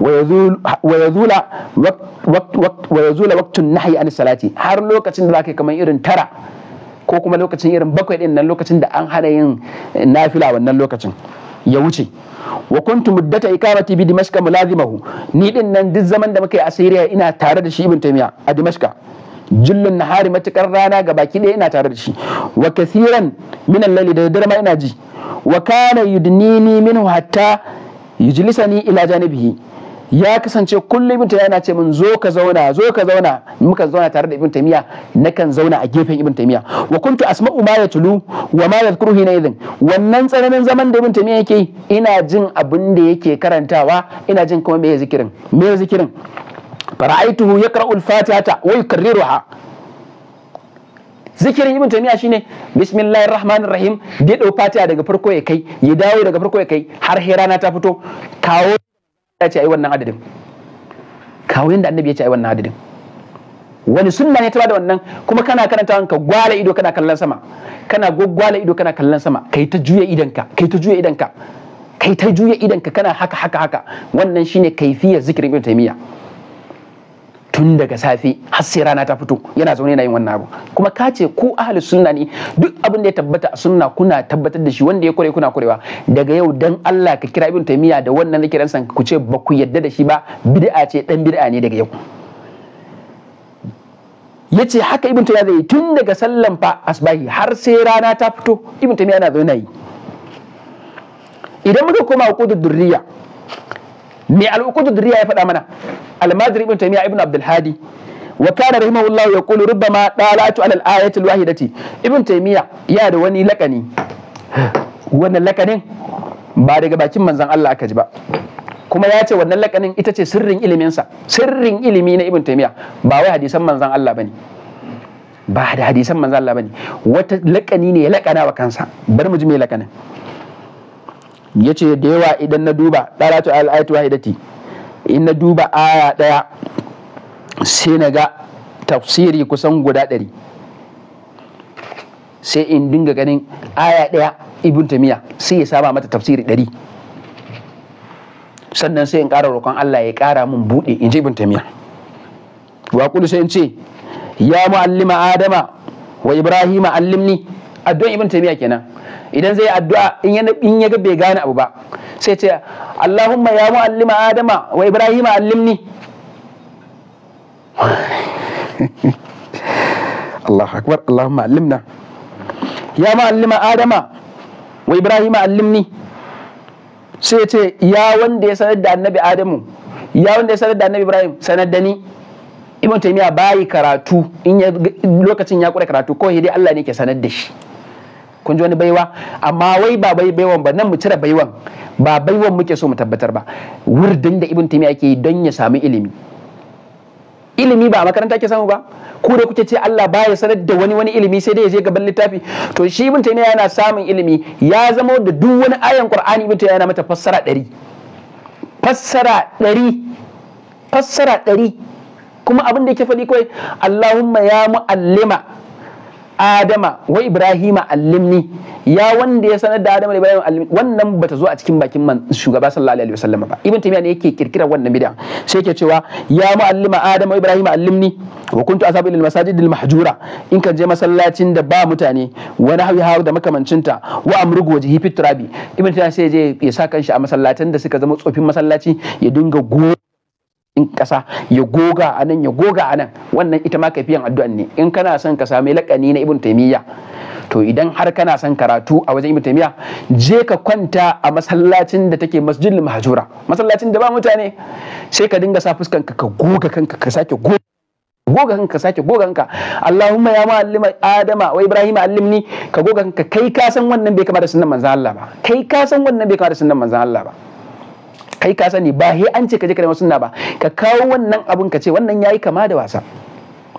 wa yazula waqtun nahyi an salati har lokacin da zaka kamar irin tara ko kuma lokacin irin bakwai din nan lokacin da an hana yin eh, nafila wannan lokacin ya wuce wa kuntu muddata ikamati bi dimashqa mulazimahu ni din nan duk zaman da muka yi asiriya ina tare da shi ibn taymiya a dimashqa jullun nahari matukar rana ga baki ɗaya ina tare da shi wa kasiran min al da dare ma ina ji wa kana yudnini minhu hatta yujlisani ila janibihi ya kasance kullum ibn taymiya yana ce min zo ka zauna zo ka zauna muka zauna tare da ibn Na kan zauna a gefen ibn taymiya wa kuntu asma'u ma yatlu wa ma yadhkuru hina idhin wannan tsananin zaman da ibn taymiya yake ina jin abin da yake karantawa ina jin kuma me zikirin me zikirin fara'aituhu yaqra'u al-fatihata wa yukarriruha zikirin ibn taymiya shine bismillahir rahmanir rahim dai dau fatiha daga farko ya kai ya dawo daga farko ya kai har rana ta fito kawo ya ce ai wannan adadin kawo yadda annabi ya ce ai wannan adadin wani sunna ne ta bada wannan kuma kana karanta ka gwala ido kana kallon sama kana gwaggwala ido kana kallon sama kai ta juya idanka kai ta juya idanka kai ta juya idanka kana haka haka haka wannan shine kaifiyar zikirin ibn miya. tun daga safe har sai rana ta fito yana zaune yana yin wannan abu kuma ka ce ku ahli sunna ne duk abin da ya tabbata a sunna kuna tabbatar da shi wanda ya kure kuna kurewa daga yau dan Allah ka kira ibn taymiya da wannan zikirin san ku ce ba ku yadda da shi ba bid'a ce dan bid'a ne daga yau yace haka ibn taymiya zai tun daga sallan fa asbahi har sai rana ta fito ibn taymiya yana zaune yi idan muka koma hukudu durriya me al da durriya ya faɗa mana al-madri ibn taymiya ibn abdul hadi wa kana rahimahullah yaqulu rubbama dalatu ala al-ayati al-wahidati ibn taymiya ya da wani lakani wannan lakanin ba daga bakin manzon Allah aka ji ba kuma ya ce wannan lakanin ita ce sirrin iliminsa sirrin ilimi na ibn taymiya ba wai hadisan manzon Allah bane ba da hadisan manzon Allah bane wata lakani ne ya lakana wa kansa Bar mu ji me lakanin yace da yawa idan na duba dalatu Al'aitu wa wahidati in na duba aya ɗaya sai na ga tafsiri kusan guda ɗari sai in dinga ganin aya ɗaya ibn tamiya sai ya saba mata tafsiri ɗari sannan sai in ƙara roƙon Allah ya ƙara mun buɗe in ji ibn tamiya wa sai in ce ya mu'allima adama wa ibrahima allimni addu'an ibn taymiya kenan idan zai addu'a in yana in yaga bai gane abu ba sai ce Allahumma ya muallima adama wa Ibrahim allimni *laughs* Allahu akbar Allahumma allimna ya muallima adama wa Ibrahim allimni sai ce ya wanda ya sanar da annabi adamu ya wanda ya sanar da annabi ibrahim sanar da ni ibn taymiya bai karatu in lokacin ya kure karatu ko dai Allah ne ke sanar da shi kun ji wani baiwa amma wai ba bai baiwan ba nan mu cire baiwan ba baiwan muke so mu tabbatar ba wurdin da ibn taymiya yake don ya samu ilimi ilimi ba a makaranta ke samu ba ku da kuke ce Allah ba ya sanar da wani wani ilimi sai dai ya je gaban littafi to shi ibn taymiya yana samun ilimi ya zama da duk wani ayan qur'ani ibn taymiya yana mata fassara ɗari fassara ɗari fassara ɗari kuma abin da yake faɗi kawai Allahumma ya mu'allima adama wa ibrahima allimni ya wanda ya sanar da adama da ibrahima allimni wannan bata zo a cikin bakin man shugaba sallallahu alaihi wasallam ba ibn Tayyiba ne yake kirkira wannan bid'a sai yake cewa ya muallima adama wa ibrahima allimni wa kuntu asabu lil masajidil mahjura in kan je masallacin da ba mutane wani hawi hawa da makamancinta wa amrugu wajhi fit ibn Tayyiba sai je ya sa kanshi a masallatan da suka zama tsofin masallaci ya dinga go ƙasa ya goga a nan ya goga a nan wannan ita ma kafiyan addu'an ne in kana son ka sami laƙani na ibn taimiyya to idan har kana son karatu a wajen ibn taimiyya je ka kwanta a masallacin da take masjidul mahjura masallacin da ba mutane sai ka dinga sa fuskan ka goga kanka ka sake goga goga kanka sake goga kanka Allahumma ya ma'allima Adama wa Ibrahim allimni ka goga kanka kai ka san wannan bai kama da sunnan manzon Allah ba kai ka san wannan bai kama da sunnan manzon Allah ba kai ka sani ba he an ce ka je ka nemi sunna ba ka kawo wannan abun ka ce wannan yayi kama da wasa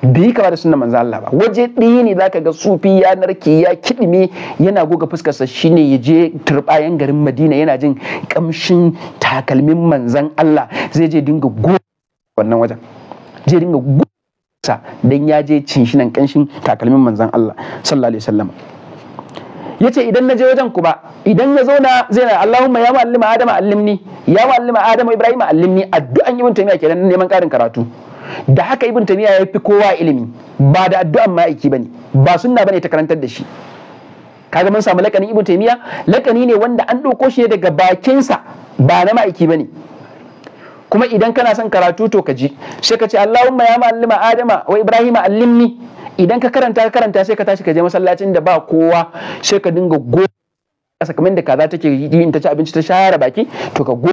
bai kama da sunna manzo Allah ba waje ɗaya ne zaka ga sufi ya narke ya kidime yana goga fuskar sa shine ya je turbayan garin Madina yana jin kamshin takalmin manzan Allah zai je dinga go wannan wajen zai dinga go sa dan ya je cin shi nan kanshin takalmin manzon Allah sallallahu alaihi wasallam Ya ce idan na je wajen ku ba idan ya na zai na Allahumma ya mu'allima Adama allimni ya mu'allima Adama Ibrahim allimni addu'an Ibn Taymiyyah kenan neman karin karatu da haka Ibn Taymiyyah ya fi kowa ilimi ba da addu'an ma'aiki bane ba sunna bane ta karantar da shi kaga mun samu lakani Ibn Taymiyyah lakani ne wanda an ɗauko shi ne daga bakinsa ba na ma'aiki bane kuma idan kana son karatu to ka ji sai ka ce Allahumma ya mu'allima Adama wa Ibrahim allimni idan ka karanta ka karanta sai ka tashi ka je masallacin da ba kowa sai ka dinga go kasa kamar da kaza take yi in ta ci abinci ta share baki to ka go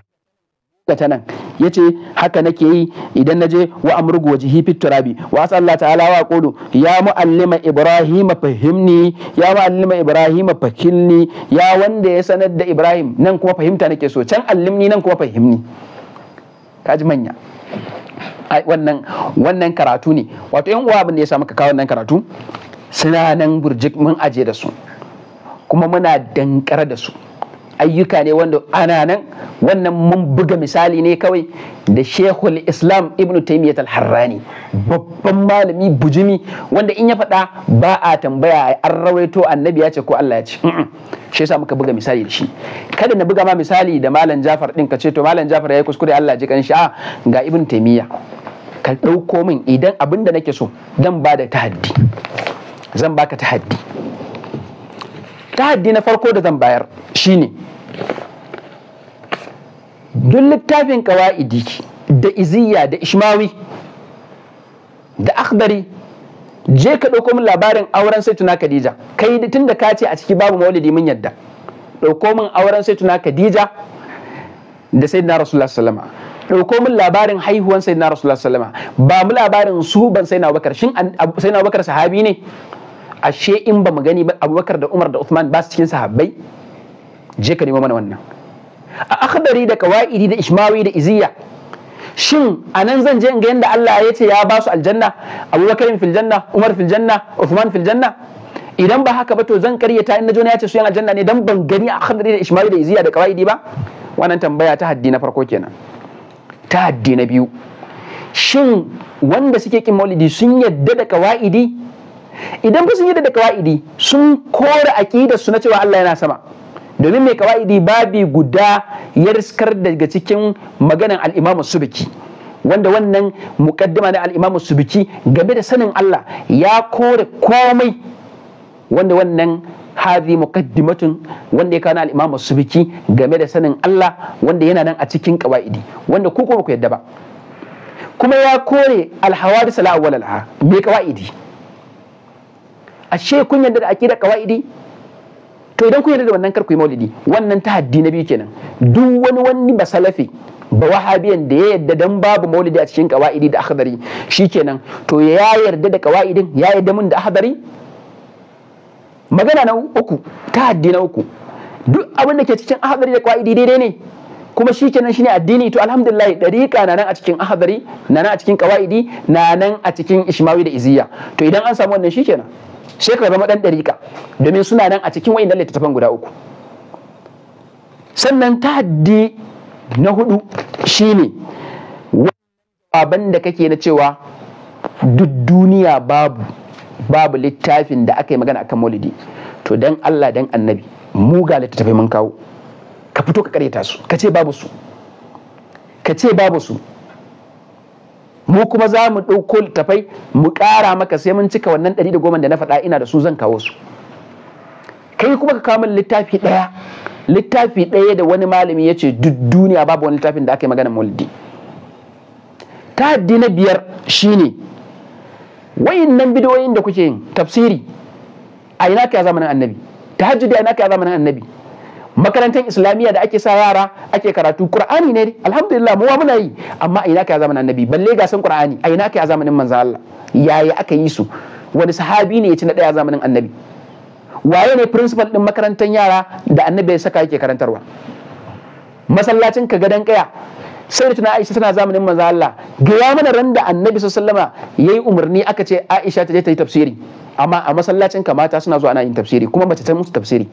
ta nan yace haka nake yi idan naje wa amrugu wajhi fit turabi wa sallallahu ta'ala wa qulu ya muallima ibrahima fahimni ya muallima ibrahima fakilni ya wanda ya sanar da ibrahim nan kuma fahimta nake so can allimni nan kuma fahimni kaji manya wannan wannan karatu ne wato yan uwa abinda ya samu ka kawo wannan karatu suna nan burjik mun aje da su kuma muna dankara da su ayyuka ne wanda ana nan wannan mun buga misali ne kawai da shekul islam ibn taimiyyat al-harrani babban malami bujimi wanda in ya faɗa ba a tambaya an rawaito annabi ya ce ko Allah ya ce shi yasa muka buga misali da shi kada na buga ma misali da malam jafar din ka ce to malam jafar yayi kuskure Allah ji kan sha a ga ibn taimiyya ka ɗauko min idan abin da nake so dan ba da tahaddi zan baka tahaddi tahaddi na farko da zan bayar shine duk littafin kawa'idi da iziya da ishmawi da akhdari je ka ɗauko min labarin auren sai tuna Khadija kai tun da ka ce a ciki babu maulidi mun yadda ɗauko min auren sai tuna Khadija da sayyidina Rasulullah sallama ɗauko min labarin haihuwan sayyidina Rasulullah sallama ba mu labarin su ban Abubakar shin sayyidina sahabi ne ashe in ba mu gani ba abubakar da umar da uthman ba su cikin sahabbai je ka nemo mana wannan a akhdari da kawaidi da ismawi da iziya shin a nan zan je in ga yadda Allah ya ce ya ba su aljanna abubakar fil janna umar fil janna uthman fil janna idan ba haka ba to zan karyata in na juna ya ce su yan aljanna ne dan ban gani a akhdari da ismawi da iziya da kawaidi ba wannan tambaya ta haddi na farko kenan ta haddi na biyu shin wanda suke kin maulidi sun yadda da kawaidi idan ba sun yi da kawaidi sun kore aqidar su na cewa Allah yana sama domin mai kawaidi babi guda ya riskar daga cikin maganan al-Imam Subki wanda wannan mukaddima na al-Imam Subki game da sanin Allah ya kore komai wanda wannan hadhi muqaddimatun wanda ya kana al-Imam Subki game da sanin Allah wanda yana nan a cikin kawaidi wanda ku ba yadda ba kuma ya kore al-hawadith al-awwal al-ha mai kawaidi ashe kun yarda da aqida qawaidi to idan kun yarda da wannan karku yi maulidi wannan haddi na biyu kenan duk wani wani basalafi ba wahabiyan da ya yarda dan babu maulidi a cikin qawaidi da ahdari shikenan to ya yarda da qawaidin ya yarda mun da ahdari magana na uku ta haddi na uku duk abin da ke cikin ahdari da qawaidi daidai ne kuma shi shine addini to alhamdulillah dariqa na nan a cikin ahdari na nan a cikin qawaidi na nan a cikin ismawi da iziya to idan an samu wannan shikenan sai ka dan ɗarika domin suna nan a cikin wa'innan littattafan guda uku sannan ta haddi na hudu shine abin da kake na cewa duk duniya babu babu littafin da aka yi magana akan maulidi to dan Allah dan annabi mu ga littattafai mun kawo ka fito ka karyata su ka ce babu su ka ce babu su mu kuma za mu ɗauko littafai mu ƙara maka sai mun cika wannan ɗari da goma da na faɗa ina da su zan kawo su kai kuma ka kawo min littafi ɗaya littafi ɗaya da wani malami ya ce duk duniya babu wani littafin da aka yi magana mulidi ta na biyar shine nan bidiyoyin da kuke yin tafsiri a ina ka zamanin annabi Ta tahajjudi a ina ka zamanin annabi makarantar islamiyya da ake sa yara ake karatu qur'ani ne alhamdulillah mu muna yi amma a ina ka zamanin annabi balle ga san qur'ani a ina ka zamanin manzo Allah yaya aka yi su wani sahabi ne ya ci na daya zamanin annabi waye ne principal din makarantar yara da annabi ya saka yake karantarwa masallacin ka gadan kaya sai tuna Aisha tana zamanin manzo Allah gaya mana ran da annabi sallama yayi umarni aka ce Aisha ta je ta yi tafsiri amma a masallacin ka mata suna zuwa ana yin tafsiri kuma mace ta musu tafsiri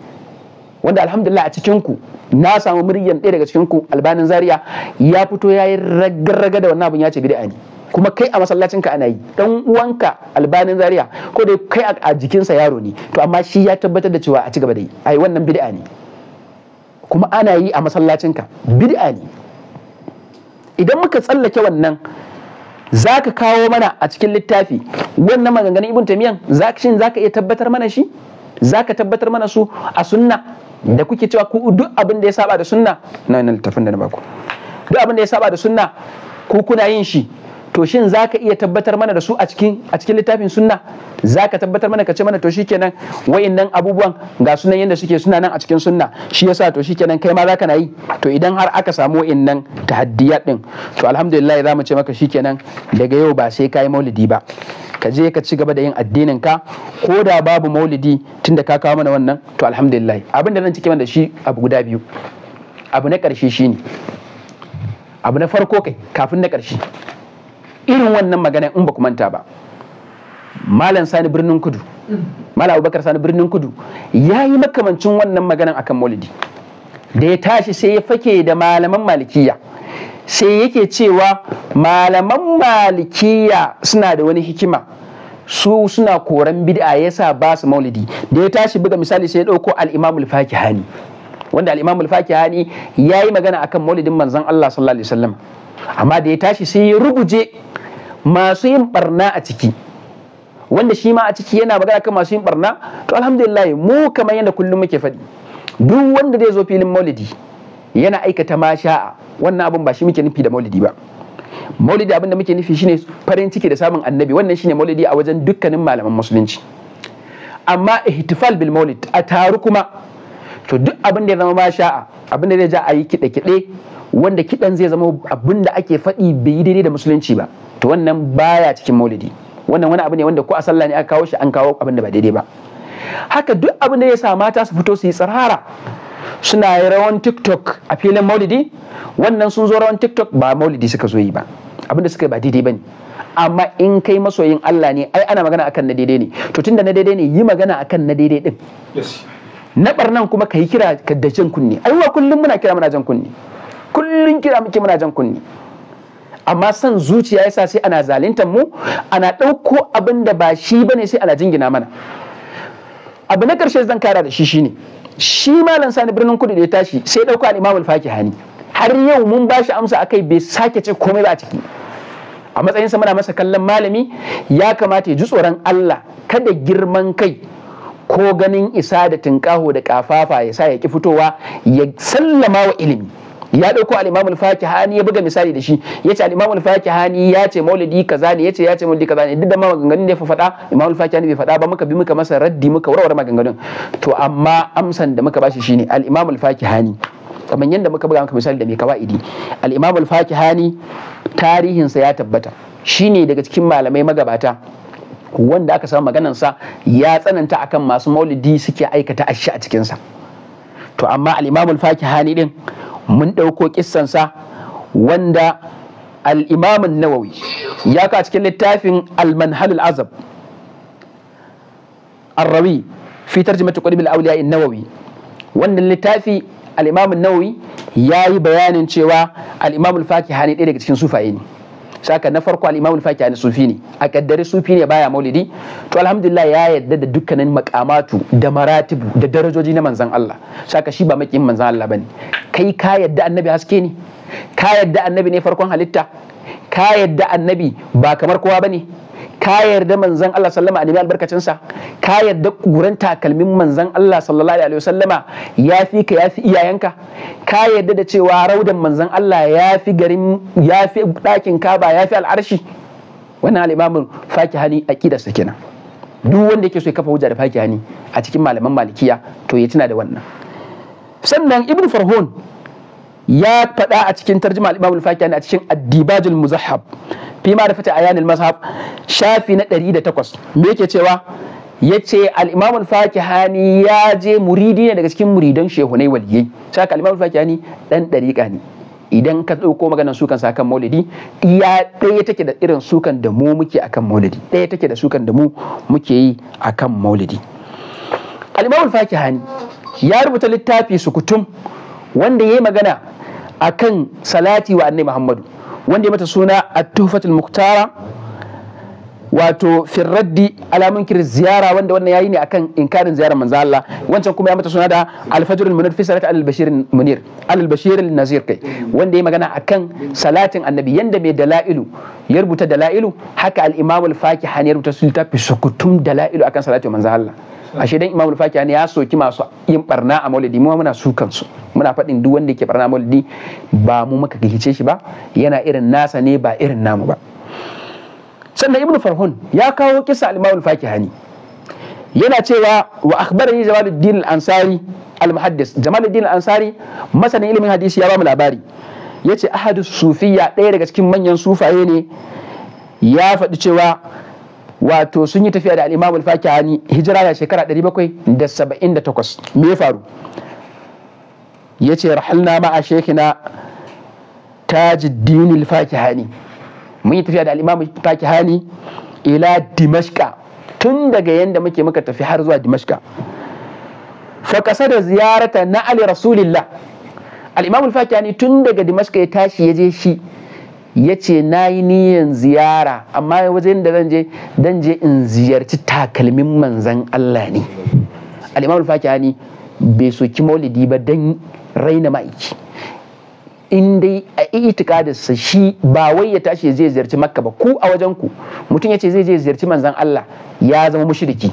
wanda alhamdulillah a cikin ku na samu muryan ɗaya daga cikin ku albanin zaria ya fito ya yi ragarraga da wannan abin ya ce bid'a ne kuma kai a masallacin ka ana yi dan uwanka albanin zaria ko dai kai a jikinsa yaro ne to amma shi ya tabbatar da cewa a ci gaba da yi ai wannan bid'a ne kuma ana yi a masallacin ka bid'a ne idan muka tsallake wannan za ka kawo mana a cikin littafi wannan maganganun ibn tamiyan za ka iya tabbatar mana shi Za ka tabbatar mana su a sunna da kuke cewa ku duk abin da ya saba da sunna na nan littafin da na baku duk abin da ya saba da sunna ku kuna yin shi to shin ka iya tabbatar mana da su a cikin a cikin littafin sunna zaka tabbatar mana ka ce mana to shikenan wayannan abubuwan ga sunan yadda suke suna nan a cikin sunna shi yasa to kenan kai ma ka na yi to idan har aka samu wayannan tahaddiyat din to alhamdulillah mu ce maka shi kenan daga yau ba sai ka yi maulidi ba ka je ka ci gaba da yin addinin ka ko da babu maulidi tunda ka kawo mana wannan to alhamdulillah abin da zan cike mana da shi abu guda biyu abu na ƙarshe shine abu na farko kai kafin na ƙarshe irin wannan magana in ba ku manta ba malam sani birnin kudu malam abubakar sani birnin kudu ya yi makamancin wannan magana akan maulidi da ya tashi sai ya fake da malaman malikiya sai yake cewa malaman malikiya suna da wani hikima su suna koran bid'a yasa ba su maulidi da ya tashi buga misali sai ya ɗauko al-imamul fakihani wanda al-imam al-fakihani yayi magana akan maulidin manzon Allah sallallahu alaihi wasallam amma da ya tashi sai ya rubuje masu yin barna a ciki wanda shi ma a ciki yana magana kan masu yin barna to alhamdulillah mu kamar yadda kullum muke faɗi duk wanda zai zo filin maulidi yana aikata masha'a wannan abin ba shi muke nufi da maulidi ba maulidi abin da muke nufi shine farin ciki da samun annabi wannan shine maulidi a wajen dukkanin malaman musulunci amma ihtifal bil maulid a taru kuma to duk abin da ya zama masha'a abin da zai ja a yi kiɗe-kiɗe wanda kiɗan zai zama abin da ake faɗi bai yi daidai da musulunci ba to wannan baya cikin maulidi wannan wani abu ne wanda ko a sallah ne aka kawo shi an kawo abin da ba daidai ba haka duk abin da ya sa mata su fito su yi tsirara suna yi rawan tiktok a filin maulidi wannan sun zo rawan tiktok ba maulidi suka zo yi ba abin da suka yi ba daidai ba ne amma in kai masoyin Allah ne ai ana magana akan na daidai ne to tunda na daidai ne yi magana akan na daidai din na barnan kuma ka yi kira da jan kunni ai wa kullum muna kira muna jan kunni kullum kira muke muna jan kunni amma son zuciya yasa sai ana zaluntar mu ana ɗauko abin da ba shi bane sai ana jingina mana abu na ƙarshe zan kara da shi shine shi malam sani birnin kudu da ya tashi sai ɗauko al-imamul hani. har yau mun ba shi amsa akai bai sake ce komai ba a ciki a sa muna masa kallon malami ya kamata ya ji tsoron Allah kada girman kai ko ganin isa da tinkaho da kafafa ya sa ya ki fitowa ya sallama wa ilimi ya ɗauko al-Imam al-Fakihani ya buga misali da shi yace al-Imam al-Fakihani ya ce maulidi kaza ne yace ya ce maulidi kaza ne duk da ma maganganun da ya faɗa Imam al-Fakihani bai faɗa ba muka bi muka masa raddi muka warware maganganun to amma amsan da muka bashi shine al-Imam al-Fakihani kamar yadda muka buga maka misali da mai kawaidi al-Imam al-Fakihani tarihinsa ya tabbata shine daga cikin malamai magabata wanda aka samu maganansa ya tsananta akan masu maulidi suke aikata ashi a cikinsa to amma al-Imam al-Fakihani din mun ɗauko kissansa wanda al'imamin nawawi ya ka cikin littafin almanhalul azab arrawi fi tarjimatu bil awliya in nawawi wannan littafi al'imamin nawawi ya yi bayanin cewa faki fakihani ɗaya daga cikin sufaye ne saka na farko al-imamul fakihani sufi ne a kaddare sufi ne baya maulidi to alhamdulillah ya yadda da dukkanin makamatu da maratibu da darajoji na manzan Allah saka shi ba makin manzan Allah bane kai ka yadda annabi haske ne ka yadda annabi ne farkon halitta ka yadda annabi ba kamar kowa bane ka yarda manzon Allah sallama a nemi albarkacin sa ka yarda guran takalmin manzon Allah sallallahu alaihi wasallama ya fi ka ya fi iyayenka ka yarda da cewa raudan manzon Allah ya fi garin ya fi ɗakin kaba ya fi al'arshi wannan faki fakihani aqida sa kenan duk wanda yake so ya kafa hujja da fakihani a cikin malaman malikiya to ya tuna da wannan sannan ibn Farhun. ya faɗa a cikin tarjuma al-Imam al-Fakihani a cikin Ad-Dibaj al-Muzahhab fi ma'rifati ayan al-mazhab shafi na 108 me yake cewa yace al-Imam al-Fakihani ya je muridi ne daga cikin muridan shehunai waliyyai. saka al-Imam al-Fakihani dan dariqa ne idan ka ɗauko maganar sukan sa kan maulidi iya ɗaya take da irin sukan da mu muke akan maulidi ɗaya take da sukan da mu muke yi akan maulidi al-Imam al-Fakihani ya rubuta littafi sukutum wanda ya yi magana akan salati wa annabi Muhammadu wanda ya mata suna at-tuhfatul muktara wato firraddi alamun kir ziyara wanda wannan yayi ne akan inkarin ziyara manzo Allah wancan kuma ya mata suna da al-fajr al-munir fi salati al-bashir munir al-bashir al-nazir kai wanda ya magana akan salatin annabi yanda mai dalailu ya rubuta dalailu haka al-imam al-fakihani ya rubuta su fi sukutum dalailu akan salati manzo Allah ashe dan imamul fakiya ne ya soki masu yin barna a maulidi mu muna su kansu muna faɗin duk wanda yake barna maulidi ba mu muka gice shi ba yana irin nasa ne ba irin namu ba sannan ibnu farhun ya kawo kisa al-imamul fakiya ne yana cewa wa akhbarani jamaluddin al-ansari al-muhaddis jamaluddin al-ansari masanin ilimin hadisi ya ba mu labari yace ahadu sufiya ɗaya daga cikin manyan sufaye ne ya faɗi cewa wato sun yi tafiya da al'imamul imam al-Fakihani hijira da shekara 778 me ya faru yace rahalna ma'a shekina tajiddin fakihani mun yi tafiya da al'imamul imam al-Fakihani ila Dimashqa tun daga yanda muke muka tafi har zuwa Dimashqa fa da ziyarata na ali rasulillah al-Imam fakihani tun daga Dimashqa ya tashi ya je shi ya ce na yi niyan ziyara amma wajen da zan je dan je in ziyarci takalmin manzan Allah ne al'imam al-fakihani bai soki maulidi ba dan raina ma'aiki in dai a sa shi ba wai ya tashi zai ziyarci makka ba ku a wajen ku mutum ya ce zai je ziyarci manzan Allah ya zama mushriki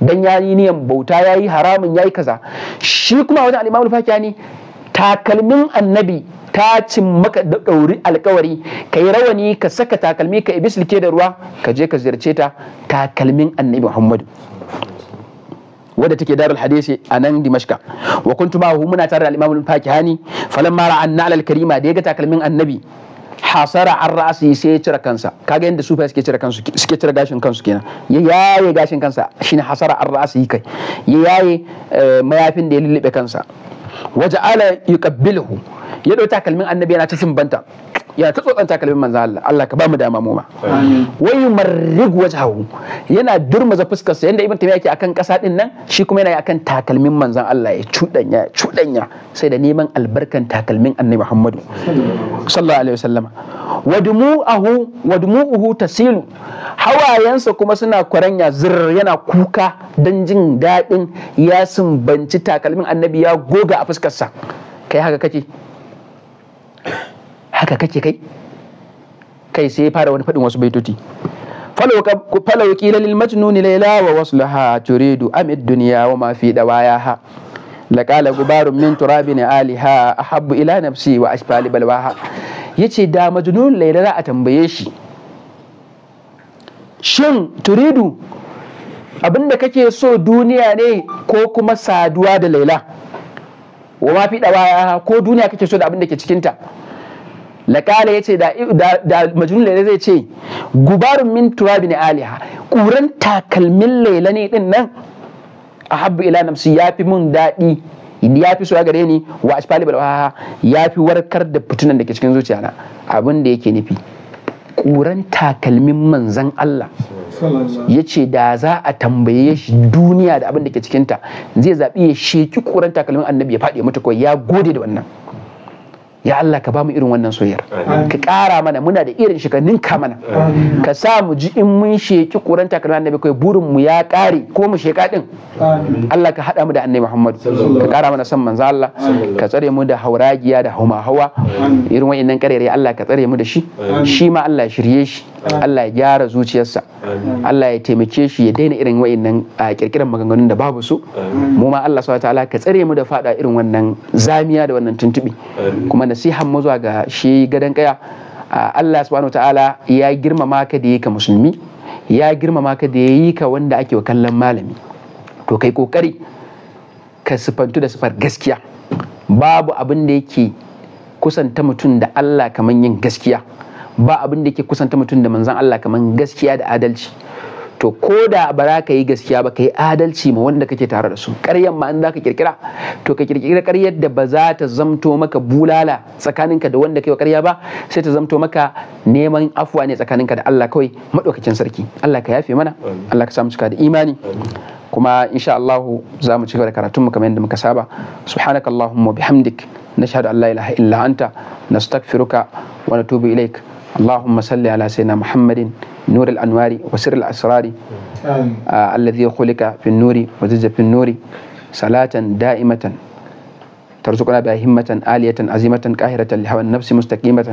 dan ya yi niyan bauta ya yi haramun ya yi kaza shi kuma wajen al'imam al-fakihani takalmin annabi ta cin maka da ɗauri alkawari ka yi rawani ka saka takalmi ka ibis like da ruwa ka je ka ziyarce ta takalmin annabi muhammadu wadda take darul hadisi a nan dimashka wa kuntu ma muna tare da al-imamul fakihani falamma mara anna al-karima da ya ga takalmin annabi hasara an ra'asi sai ya cire kansa kaga yadda sufa suke cire kansu suke cire gashin kansu kenan ya yaye gashin kansa shine hasara an ra'asi kai ya yaye eh, mayafin da ya lullube kansa waje ala yuqabbiluhu ya ɗau takalmin annabi yana ta banta. ya ta tsotsan takalmin manzo Allah Allah ka bamu mu dama mu ma wai marrig wajahu yana durmaza fuskar sa yanda ibn tabiya yake akan kasa din nan shi kuma yana akan takalmin manzan Allah ya cudanya cudanya sai da neman albarkan takalmin annabi Muhammadu sallallahu alaihi wasallam wa dumu'ahu tasilu hawayensa kuma suna kwaranya zir yana kuka dan jin dadin ya sumbanci takalmin annabi ya goga a fuskar sa kai haka kake haka kake kai kai sai fara wani faɗin wasu baitoci falau kila lil majnun layla wa waslaha turidu am ad-dunya wa ma fi dawayaha laqala gubarun min turabin aliha ahabbu ila nafsi wa ashfali balwaha yace da majnun layla za a tambaye shi shin turidu abinda kake so duniya ne ko kuma saduwa da laila wa ma fi dawayaha ko duniya kake so da abinda ke cikinta laƙala ya ce da majnun laila zai ce gubarun min turabin aliha ƙuran takalmin laila ne din nan a habbu ila namsi ya fi mun daɗi ya fi suwa gare ni wa asfali balwaha ya fi warkar da fitunan da ke cikin zuciya na abin da yake nufi ƙuran takalmin manzan Allah ya ce da za a tambaye shi duniya da abin da ke cikinta zai zaɓi ya sheki ƙuran takalmin annabi ya faɗi mutu kawai ya gode da wannan ya Allah ka ba mu irin wannan soyayyar ka ƙara mana muna da irin shi ka ninka mana ka sa mu ji in mun sheki ƙuran takalma annabi kai burin mu ya ƙare ko mu sheka din Allah ka hada mu da annabi Muhammad ka ƙara mana san manzo Allah ka tsare mu da hauragiya da hauma hawa irin wa'annan ƙarere Allah ka tsare mu da shi shi ma Allah shirye shi Allah ya gyara zuciyarsa Allah ya taimake shi ya daina irin wa'annan kirkiran maganganun da babu su mu ma Allah subhanahu ta'ala ka tsare mu da fada irin wannan zamiya da wannan tuntubi kuma nasihan mu zuwa ga shi gadan kaya Allah subhanahu ta'ala ya girmama ka da ka musulmi ya girmama ka da yayi ka wanda ake wa kallon malami to kai kokari ka sifantu da sifar gaskiya babu abin da yake kusanta mutum da Allah kamar yin gaskiya ba abin da ke kusanta mutum da manzan Allah kamar gaskiya da adalci to ko da ba za ka yi gaskiya ba ka yi adalci ma wanda kake tare da su ƙaryar ma an za ka kirkira to ka kirkira ƙaryar da ba za ta zamto maka bulala tsakaninka da wanda kai wa ƙarya ba sai ta zamto maka neman afuwa ne tsakaninka da Allah kawai maɗaukacin sarki Allah ka yafe mana Allah ka samu cika da imani kuma insha Allah za mu ci da karatun mu kamar yadda muka saba subhanakallahumma bihamdik nashhadu an la ilaha illa anta nastaghfiruka wa natubu ilaik اللهم صل على سيدنا محمد نور الأنوار وسر الأسرار آه الذي خلق في النور وزج في النور صلاة دائمة ترزقنا بها همة آلية عزيمة قاهرة لهوى النفس مستقيمة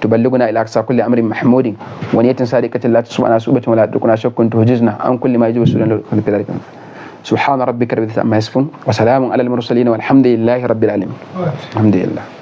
تبلغنا إلى أقصى كل أمر محمود ونية صادقة لا أنا سوبة ولا تدركنا شك تهجزنا عن كل ما يجب سودنا ذلك سبحان ربك رب العزة عما يصفون وسلام على المرسلين والحمد لله رب العالمين الحمد لله